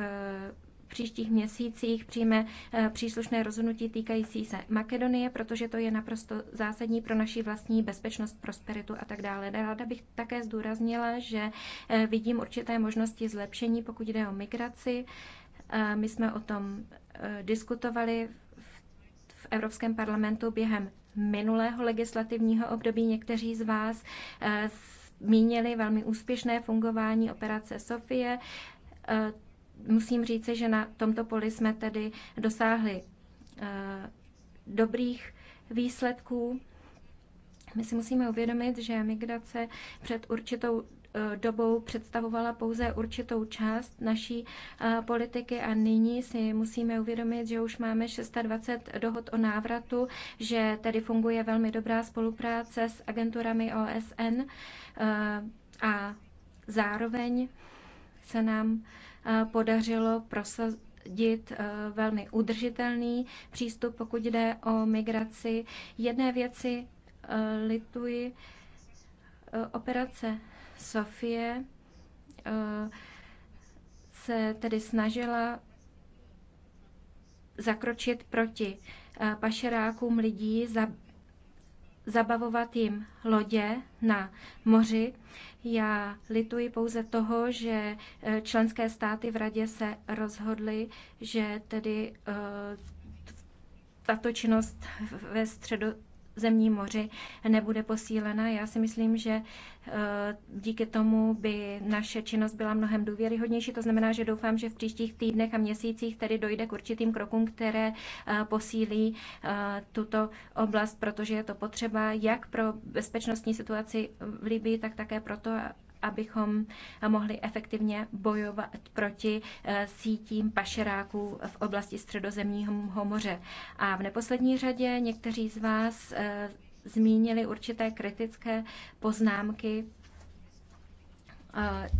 příštích měsících přijme eh, příslušné rozhodnutí týkající se Makedonie, protože to je naprosto zásadní pro naši vlastní bezpečnost, prosperitu a tak dále. Ráda bych také zdůraznila, že eh, vidím určité možnosti zlepšení, pokud jde o migraci. Eh, my jsme o tom diskutovali v Evropském parlamentu během minulého legislativního období. Někteří z vás zmínili velmi úspěšné fungování operace Sofie musím říci, že na tomto poli jsme tedy dosáhli eh, dobrých výsledků. My si musíme uvědomit, že migrace před určitou eh, dobou představovala pouze určitou část naší eh, politiky a nyní si musíme uvědomit, že už máme 620 dohod o návratu, že tady funguje velmi dobrá spolupráce s agenturami OSN a zároveň se nám podařilo prosadit e, velmi udržitelný přístup, pokud jde o migraci. Jedné věci e, lituji e, operace Sofie se tedy snažila zakročit proti pašerákům lidí, zabavovat jim lodě na moři. Já lituji pouze toho, že eh, členské státy v radě se rozhodly, že tedy eh, tato činnost ve středu zemní moři nebude posílena. Já si myslím, že eh, díky tomu by naše činnost byla mnohem důvěryhodnější. To znamená, že doufám, že v příštích týdnech a měsících tedy dojde k určitým krokům, které eh, posílí eh, tuto oblast, protože je to potřeba jak pro bezpečnostní situaci v Libii, tak také proto, abychom mohli efektivně bojovat proti eh, sítím pašeráků v oblasti Středozemního moře. A v neposlední řadě někteří z vás eh, zmínili určité kritické poznámky, eh,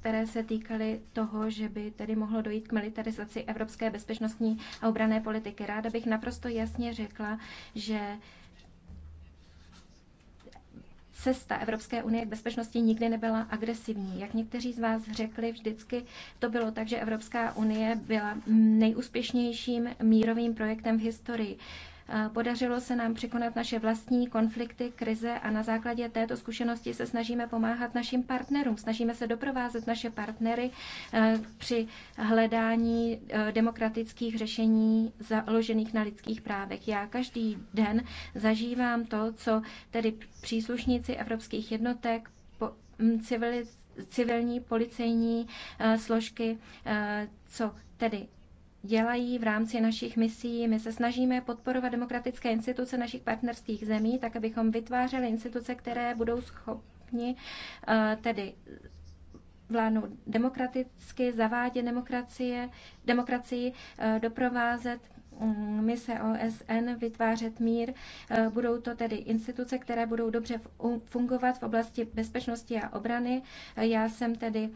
které se týkaly toho, že by tedy mohlo dojít k militarizaci evropské bezpečnostní a obrané politiky. Ráda bych naprosto jasně řekla, že cesta Evropské unie k bezpečnosti nikdy nebyla agresivní. Jak někteří z vás řekli, vždycky to bylo tak, že Evropská unie byla nejúspěšnějším mírovým projektem v historii. Podařilo se nám překonat naše vlastní konflikty, krize a na základě této zkušenosti se snažíme pomáhat našim partnerům. Snažíme se doprovázet naše partnery eh, při hledání eh, demokratických řešení založených na lidských právech. Já každý den zažívám to, co tedy příslušníci evropských jednotek, hm, civilní policejní eh, složky, co tedy dělají v rámci našich misí. My se snažíme podporovat demokratické instituce našich partnerských zemí, tak abychom vytvářeli instituce, které budou schopni eh, tedy vládnout demokraticky, zavádět demokracie, demokracii, eh, doprovázet mm, mise OSN vytvářet mír. Eh, budou to tedy instituce, které budou dobře fungovat v oblasti bezpečnosti a obrany. Já jsem tedy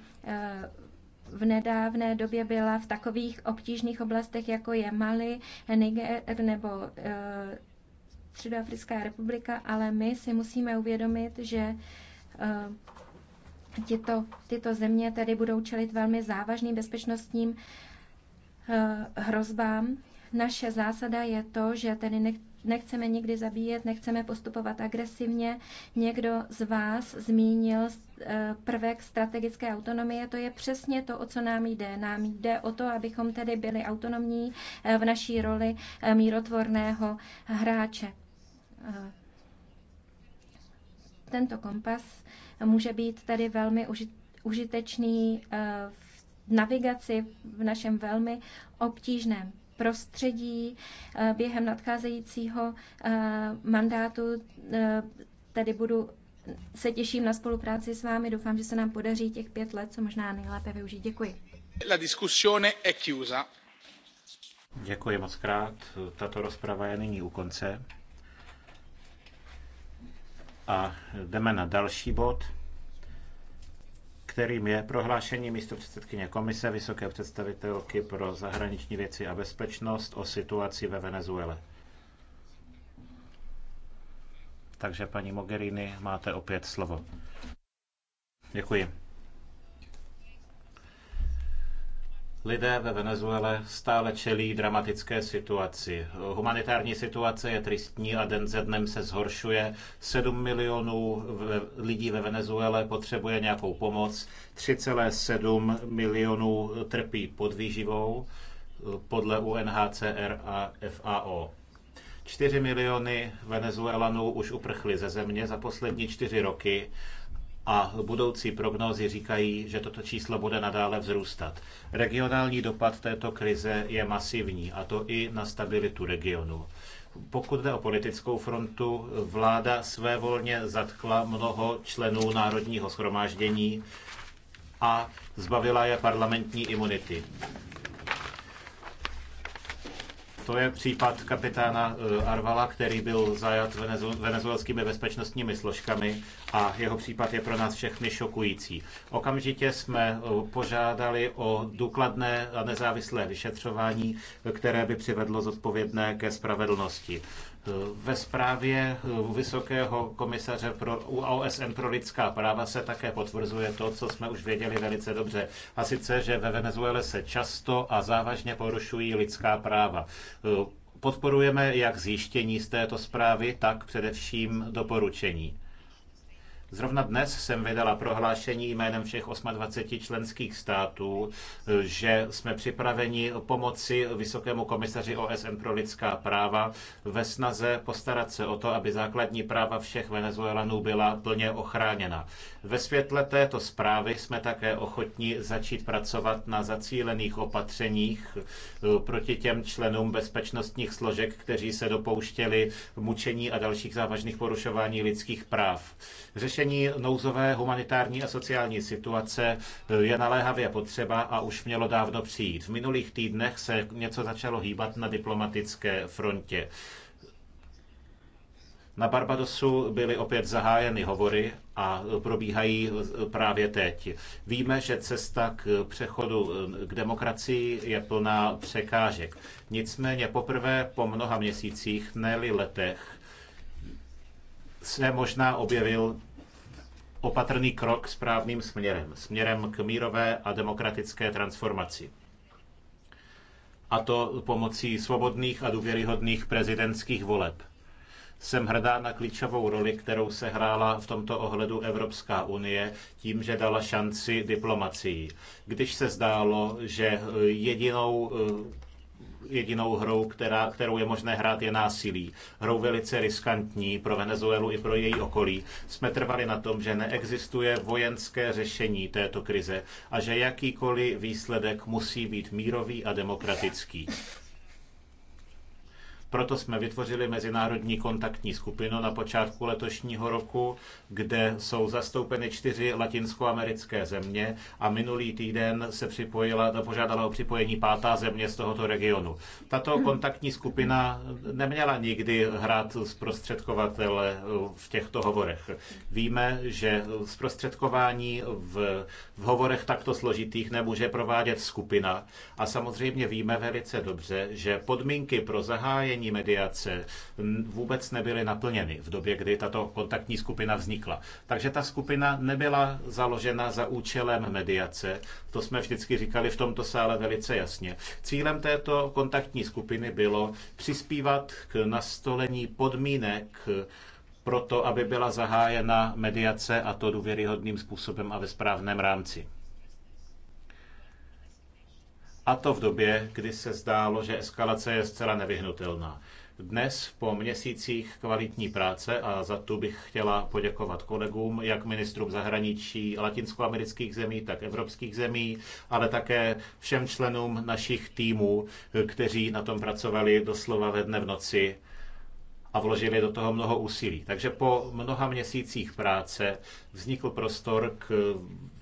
v nedávné době byla v takových obtížných oblastech, jako je Mali, Niger nebo eh, Středoafrická republika, ale my si musíme uvědomit, že eh, tyto, tyto země tedy budou čelit velmi závažným bezpečnostním eh, hrozbám. Naše zásada je to, že tedy nechceme nikdy zabíjet, nechceme postupovat agresivně. Někdo z vás zmínil eh, prvek strategické autonomie, to je přesně to, o co nám jde. Nám jde o to, abychom tedy byli autonomní eh, v naší roli eh, mírotvorného hráče. Tento kompas může být tady velmi užitečný v navigaci v našem velmi obtížném prostředí eh, během nadcházejícího eh, mandátu. Eh, Tady budu se těším na spolupráci s vámi. Doufám, že se nám podaří těch pět let co možná nejlépe využít. Děkuji. La discussione è chiusa. Děkuji moc krát. Tato rozprava je nyní u konce. A jdeme na další bod kterým je prohlášení místo předsedkyně komise Vysoké představitelky pro zahraniční věci a bezpečnost o situaci ve Venezuele. Takže paní Mogherini, máte opět slovo. Děkuji. Lidé ve Venezuele stále čelí dramatické situaci. Humanitární situace je tristní a den ze dnem se zhoršuje. 7 milionů lidí ve Venezuele potřebuje nějakou pomoc. 3,7 milionů trpí podvýživou podle UNHCR a FAO. 4 miliony Venezuelanů už uprchli ze země za poslední čtyři roky a budoucí prognózy říkají, že toto číslo bude nadále vzrůstat. Regionální dopad této krize je masivní, a to i na stabilitu regionu. Pokud jde o politickou frontu, vláda svévolně zatkla mnoho členů Národního schromáždění a zbavila je parlamentní imunity. To je případ kapitána eh, Arvala, který byl zajat venezuelskými bezpečnostními složkami a jeho případ je pro nás všechny šokující. Okamžitě jsme eh, požádali o důkladné a nezávislé vyšetřování, které by přivedlo zodpovědné ke spravedlnosti. Ve zprávě eh, Vysokého komisaře pro, OSN pro lidská práva se také potvrzuje to, co jsme už věděli velice dobře. A sice, že ve Venezuele se často a závažně porušují lidská práva. Eh, podporujeme jak zjištění z této zprávy, tak především doporučení. Zrovna dnes jsem vydala prohlášení jménem všech 28 členských států, že jsme připraveni pomoci Vysokému komisaři OSN pro lidská práva ve snaze postarat se o to, aby základní práva všech Venezuelanů byla plně ochráněna. Ve světle této zprávy jsme také ochotni začít pracovat na zacílených opatřeních eh, proti těm členům bezpečnostních složek, kteří se dopouštěli mučení a dalších závažných porušování lidských práv. Řešení nouzové humanitární a sociální situace eh, je naléhavě potřeba a už mělo dávno přijít. V minulých týdnech se něco začalo hýbat na diplomatické frontě. Na Barbadosu byly opět zahájeny hovory a eh, probíhají eh, právě teď. Víme, že cesta k přechodu k demokracii je plná překážek. Nicméně poprvé po mnoha měsících, ne letech, se možná objevil opatrný krok správným směrem, směrem k mírové a demokratické transformaci. A to pomocí svobodných a důvěryhodných prezidentských voleb. Jsem hrdá na klíčovou roli, kterou se hrála v tomto ohledu Evropská unie tím, že dala šanci diplomacii. Když se zdálo, že jedinou eh, jedinou hrou, která, kterou je možné hrát, je násilí. Hrou velice riskantní pro Venezuelu i pro její okolí. Jsme trvali na tom, že neexistuje vojenské řešení této krize a že jakýkoliv výsledek musí být mírový a demokratický. Proto jsme vytvořili mezinárodní kontaktní skupinu na počátku letošního roku, kde jsou zastoupeny čtyři latinskoamerické země a minulý týden se připojila, požádala o připojení pátá země z tohoto regionu. Tato kontaktní skupina neměla nikdy hrát zprostředkovatele v těchto hovorech. Víme, že zprostředkování v, v hovorech takto složitých nemůže provádět skupina a samozřejmě víme velice dobře, že podmínky pro zahájení opatření mediace vůbec nebyly naplněny v době, kdy tato kontaktní skupina vznikla. Takže ta skupina nebyla založena za účelem mediace, to jsme vždycky říkali v tomto sále velice jasně. Cílem této kontaktní skupiny bylo přispívat k nastolení podmínek pro to, aby byla zahájena mediace a to důvěryhodným způsobem a ve správném rámci. A to v době, kdy se zdálo, že eskalace je zcela nevyhnutelná. Dnes po měsících kvalitní práce a za tu bych chtěla poděkovat kolegům, jak ministrům zahraničí latinskoamerických zemí, tak evropských zemí, ale také všem členům našich týmů, kteří na tom pracovali doslova ve dne v noci a vložili do toho mnoho úsilí. Takže po mnoha měsících práce vznikl prostor k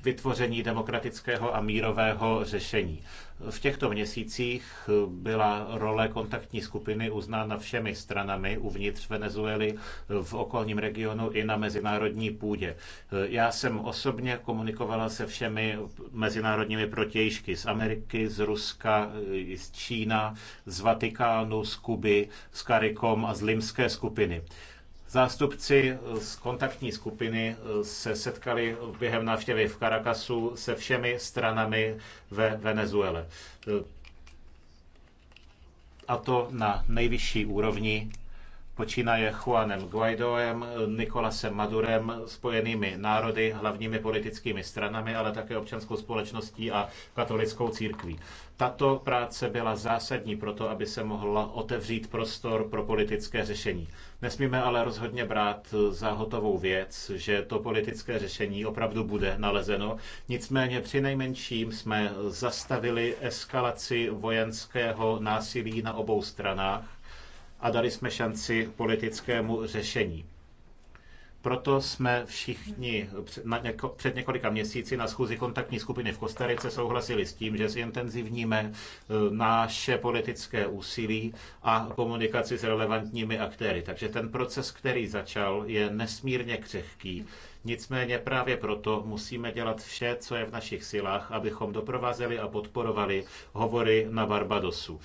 vytvoření demokratického a mírového řešení. V těchto měsících byla role kontaktní skupiny uznána všemi stranami uvnitř Venezuely, v okolním regionu i na mezinárodní půdě. Já jsem osobně komunikovala se všemi mezinárodními protějšky z Ameriky, z Ruska, z Čína, z Vatikánu, z Kuby, z CARICOM a z Limské skupiny. Zástupci eh, z kontaktní skupiny eh, se setkali během návštěvy v Caracasu se všemi stranami ve Venezuele. Eh, A to na nejvyšší úrovni počínaje Juanem Guaidoem, Nikolasem Madurem, spojenými národy, hlavními politickými stranami, ale také občanskou společností a katolickou církví. Tato práce byla zásadní pro to, aby se mohla otevřít prostor pro politické řešení. Nesmíme ale rozhodně brát za hotovou věc, že to politické řešení opravdu bude nalezeno. Nicméně při nejmenším jsme zastavili eskalaci vojenského násilí na obou stranách a dali jsme šanci politickému řešení. Proto jsme všichni před několika měsíci na schůzi kontaktní skupiny v Kostarice souhlasili s tím, že zintenzivníme e, naše politické úsilí a komunikaci s relevantními aktéry. Takže ten proces, který začal, je nesmírně křehký Nicméně právě proto musíme dělat vše, co je v našich silách, abychom doprovázeli a podporovali hovory na Barbadosu.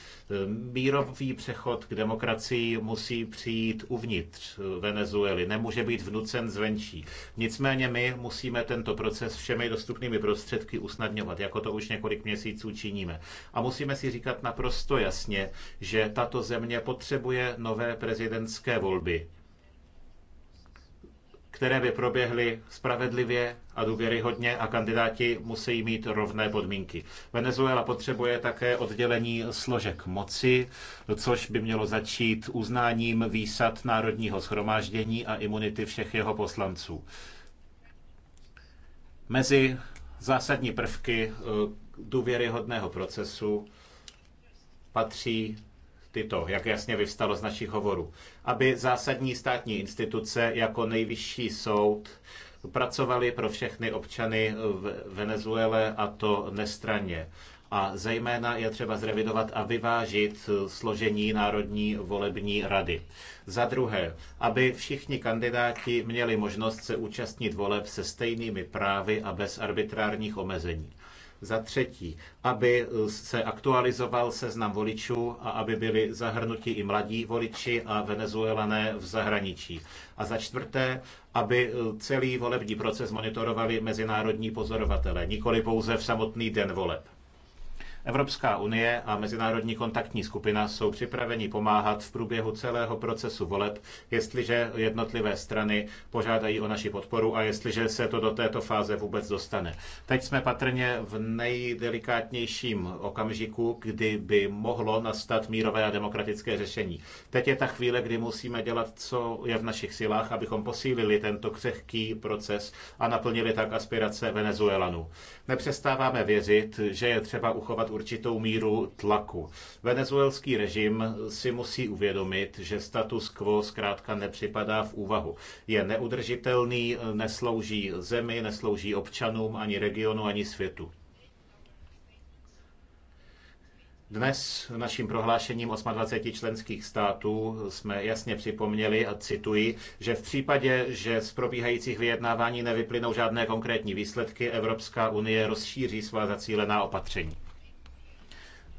Mírový přechod k demokracii musí přijít uvnitř Venezuely, nemůže být vnucen zvenčí. Nicméně my musíme tento proces všemi dostupnými prostředky usnadňovat, jako to už několik měsíců činíme. A musíme si říkat naprosto jasně, že tato země potřebuje nové prezidentské volby které by proběhly spravedlivě a důvěryhodně a kandidáti musí mít rovné podmínky. Venezuela potřebuje také oddělení složek moci, což by mělo začít uznáním výsad Národního schromáždění a imunity všech jeho poslanců. Mezi zásadní prvky eh, důvěryhodného procesu patří tyto, jak jasně vyvstalo z našich hovorů, aby zásadní státní instituce jako nejvyšší soud pracovali pro všechny občany v Venezuele a to nestranně. A zejména je třeba zrevidovat a vyvážit složení Národní volební rady. Za druhé, aby všichni kandidáti měli možnost se účastnit voleb se stejnými právy a bez arbitrárních omezení. Za třetí, aby eh, se aktualizoval seznam voličů a aby byli zahrnuti i mladí voliči a venezuelané v zahraničí. A za čtvrté, aby eh, celý volební proces monitorovali mezinárodní pozorovatelé, nikoli pouze v samotný den voleb. Evropská unie a Mezinárodní kontaktní skupina jsou připraveni pomáhat v průběhu celého procesu voleb, jestliže jednotlivé strany požádají o naši podporu a jestliže se to do této fáze vůbec dostane. Teď jsme patrně v nejdelikátnějším okamžiku, kdy by mohlo nastat mírové a demokratické řešení. Teď je ta chvíle, kdy musíme dělat, co je v našich silách, abychom posílili tento křehký proces a naplnili tak aspirace Venezuelanů. Nepřestáváme věřit, že je třeba uchovat určitou míru tlaku. Venezuelský režim si musí uvědomit, že status quo zkrátka nepřipadá v úvahu. Je neudržitelný, neslouží zemi, neslouží občanům, ani regionu, ani světu. Dnes naším prohlášením 28 členských států jsme jasně připomněli a cituji, že v případě, že z probíhajících vyjednávání nevyplynou žádné konkrétní výsledky, Evropská unie rozšíří svá zacílená opatření.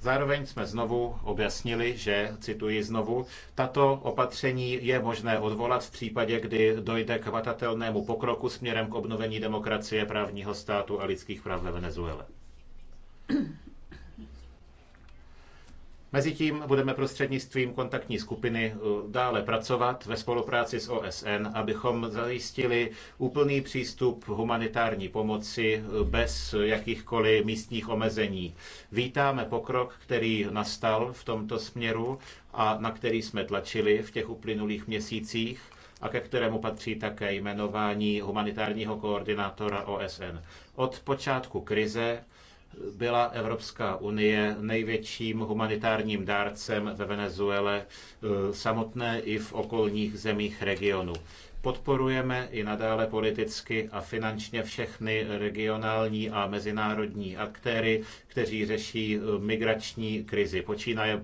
Zároveň jsme znovu objasnili, že, cituji znovu, tato opatření je možné odvolat v případě, kdy dojde k vatatelnému pokroku směrem k obnovení demokracie, právního státu a lidských práv ve Venezuele. Mezitím budeme prostřednictvím kontaktní skupiny eh, dále pracovat ve spolupráci s OSN, abychom zajistili úplný přístup humanitární pomoci eh, bez jakýchkoliv místních omezení. Vítáme pokrok, který nastal v tomto směru a na který jsme tlačili v těch uplynulých měsících a ke kterému patří také jmenování humanitárního koordinátora OSN. Od počátku krize byla Evropská unie největším humanitárním dárcem ve Venezuele eh, samotné i v okolních zemích regionu. Podporujeme i nadále politicky a finančně všechny regionální a mezinárodní aktéry, kteří řeší eh, migrační krizi. Počínaje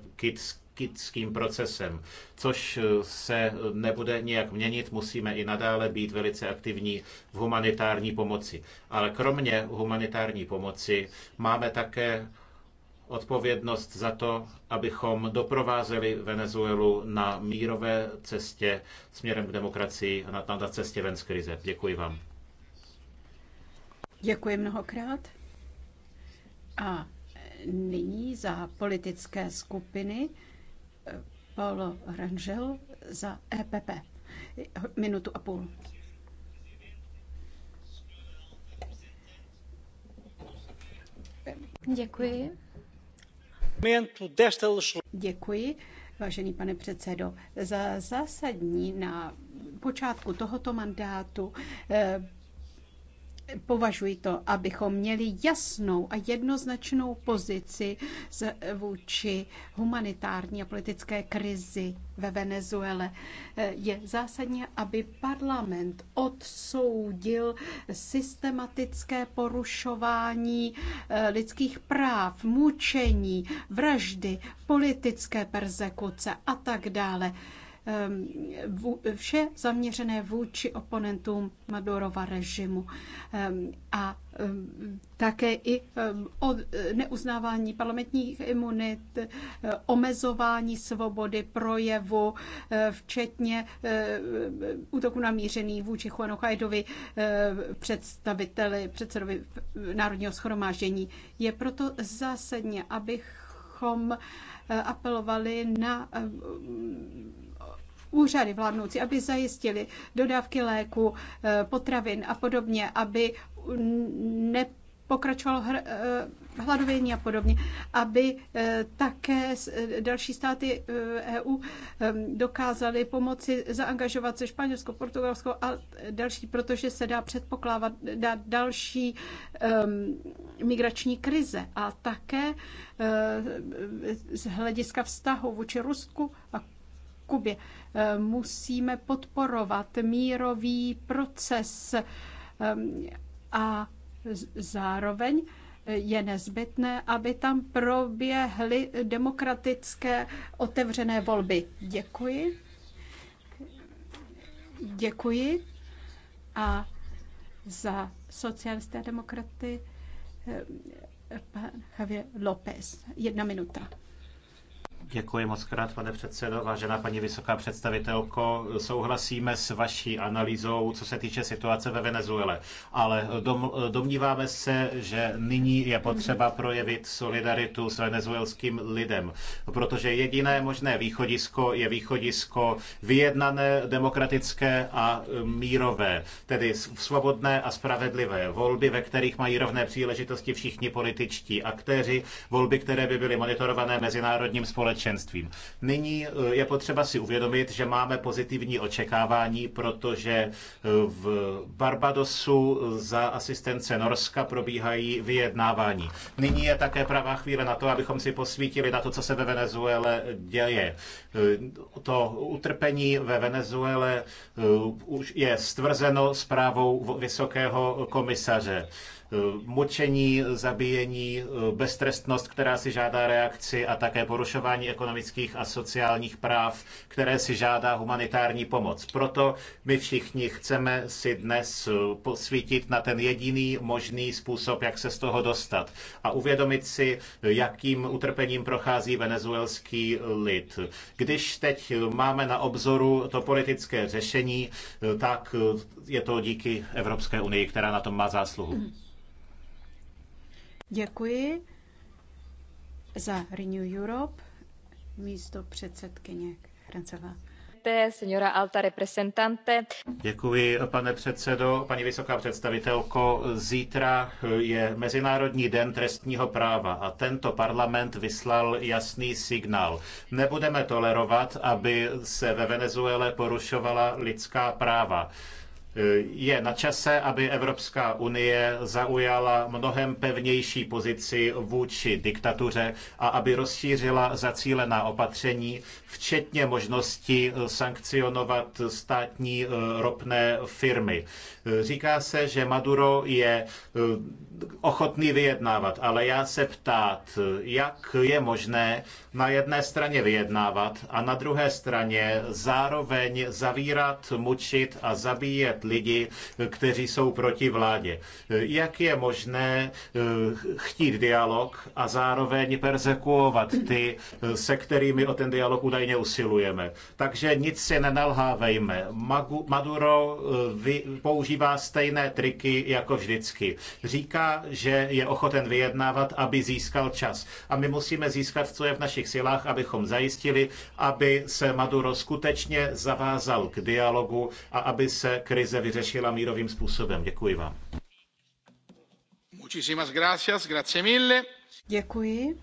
psychickým procesem, což eh, se eh, nebude nějak měnit, musíme i nadále být velice aktivní v humanitární pomoci. Ale kromě humanitární pomoci máme také odpovědnost za to, abychom doprovázeli Venezuelu na mírové cestě směrem k demokracii a na, na cestě ven z krize. Děkuji vám. Děkuji mnohokrát. A nyní za politické skupiny Paolo Rangel za EPP. Minutu a půl. Děkuji. Děkuji, vážený pane předsedo, za zásadní na počátku tohoto mandátu eh, Považuji to, abychom měli jasnou a jednoznačnou pozici vůči humanitární a politické krizi ve Venezuele. Je zásadně, aby parlament odsoudil systematické porušování eh, lidských práv, mučení, vraždy, politické persekuce a tak dále. Ehm, vše zaměřené vůči oponentům Madurova režimu. Ehm, a ehm, také i od eh, neuznávání parlamentních imunit, eh, omezování svobody projevu, eh, včetně útoku namířený vůči Juanu Hajdovi, představiteli, předsedovi Národního schromáždění. Je proto zásadně, abychom apelovali na úřady vládnoucí, aby zajistili dodávky léku, eh, potravin a podobně, aby ne pokračovalo eh, hladovění a podobně, aby eh, také další státy EU e dokázaly pomoci zaangažovat se Španělsko, Portugalsko a další, protože se dá předpokládat dá další ehm, migrační krize a také z hlediska vztahu vůči Rusku a Kubě. Eh, musíme podporovat mírový proces eh, a zároveň je nezbytné, aby tam proběhly demokratické otevřené volby. Děkuji. Děkuji. A za socialisté demokraty eh, pan Javier López. Jedna minuta. Děkuji moc krát, pane předsedo. Vážená paní vysoká představitelko, souhlasíme s vaší analýzou, co se týče situace ve Venezuele, ale dom, domníváme se, že nyní je potřeba projevit solidaritu s venezuelským lidem, protože jediné možné východisko je východisko vyjednané, demokratické a mírové, tedy svobodné a spravedlivé volby, ve kterých mají rovné příležitosti všichni političtí aktéři, volby, které by byly monitorované mezinárodním společnostem společenstvím. Nyní eh, je potřeba si uvědomit, že máme pozitivní očekávání, protože eh, v Barbadosu eh, za asistence Norska probíhají vyjednávání. Nyní je také pravá chvíle na to, abychom si posvítili na to, co se ve Venezuele děje. To utrpení ve Venezuele už je stvrzeno zprávou vysokého komisaře. Eh, mučení, zabíjení, eh, beztrestnost, která si žádá reakci a také porušování ekonomických a sociálních práv, které si žádá humanitární pomoc. Proto my všichni chceme si dnes eh, posvítit na ten jediný možný způsob, jak se z toho dostat a uvědomit si, jakým utrpením prochází venezuelský lid. Když teď máme na obzoru to politické řešení, tak je to díky Evropské unii, která na tom má zásluhu. Mhm. Děkuji za Renew Europe místo předsedkyně Hrancová. Děkuji, pane předsedo, paní vysoká představitelko. Zítra je Mezinárodní den trestního práva a tento parlament vyslal jasný signál. Nebudeme tolerovat, aby se ve Venezuele porušovala lidská práva je na čase, aby Evropská unie zaujala mnohem pevnější pozici vůči diktatuře a aby rozšířila zacílená opatření, včetně možnosti sankcionovat státní e, ropné firmy. Říká se, že Maduro je e, ochotný vyjednávat, ale já se ptát, jak je možné na jedné straně vyjednávat a na druhé straně zároveň zavírat, mučit a zabíjet lidi, kteří jsou proti vládě. Jak je možné eh, chtít dialog a zároveň persekuovat ty, eh, se kterými o ten dialog údajně usilujeme? Takže nic si nenalhávejme. Maduro eh, používá stejné triky jako vždycky. Říká, že je ochoten vyjednávat, aby získal čas. A my musíme získat, co je v našich silách, abychom zajistili, aby se Maduro skutečně zavázal k dialogu a aby se krize krize vyřešila mírovým způsobem. Děkuji vám. Děkuji.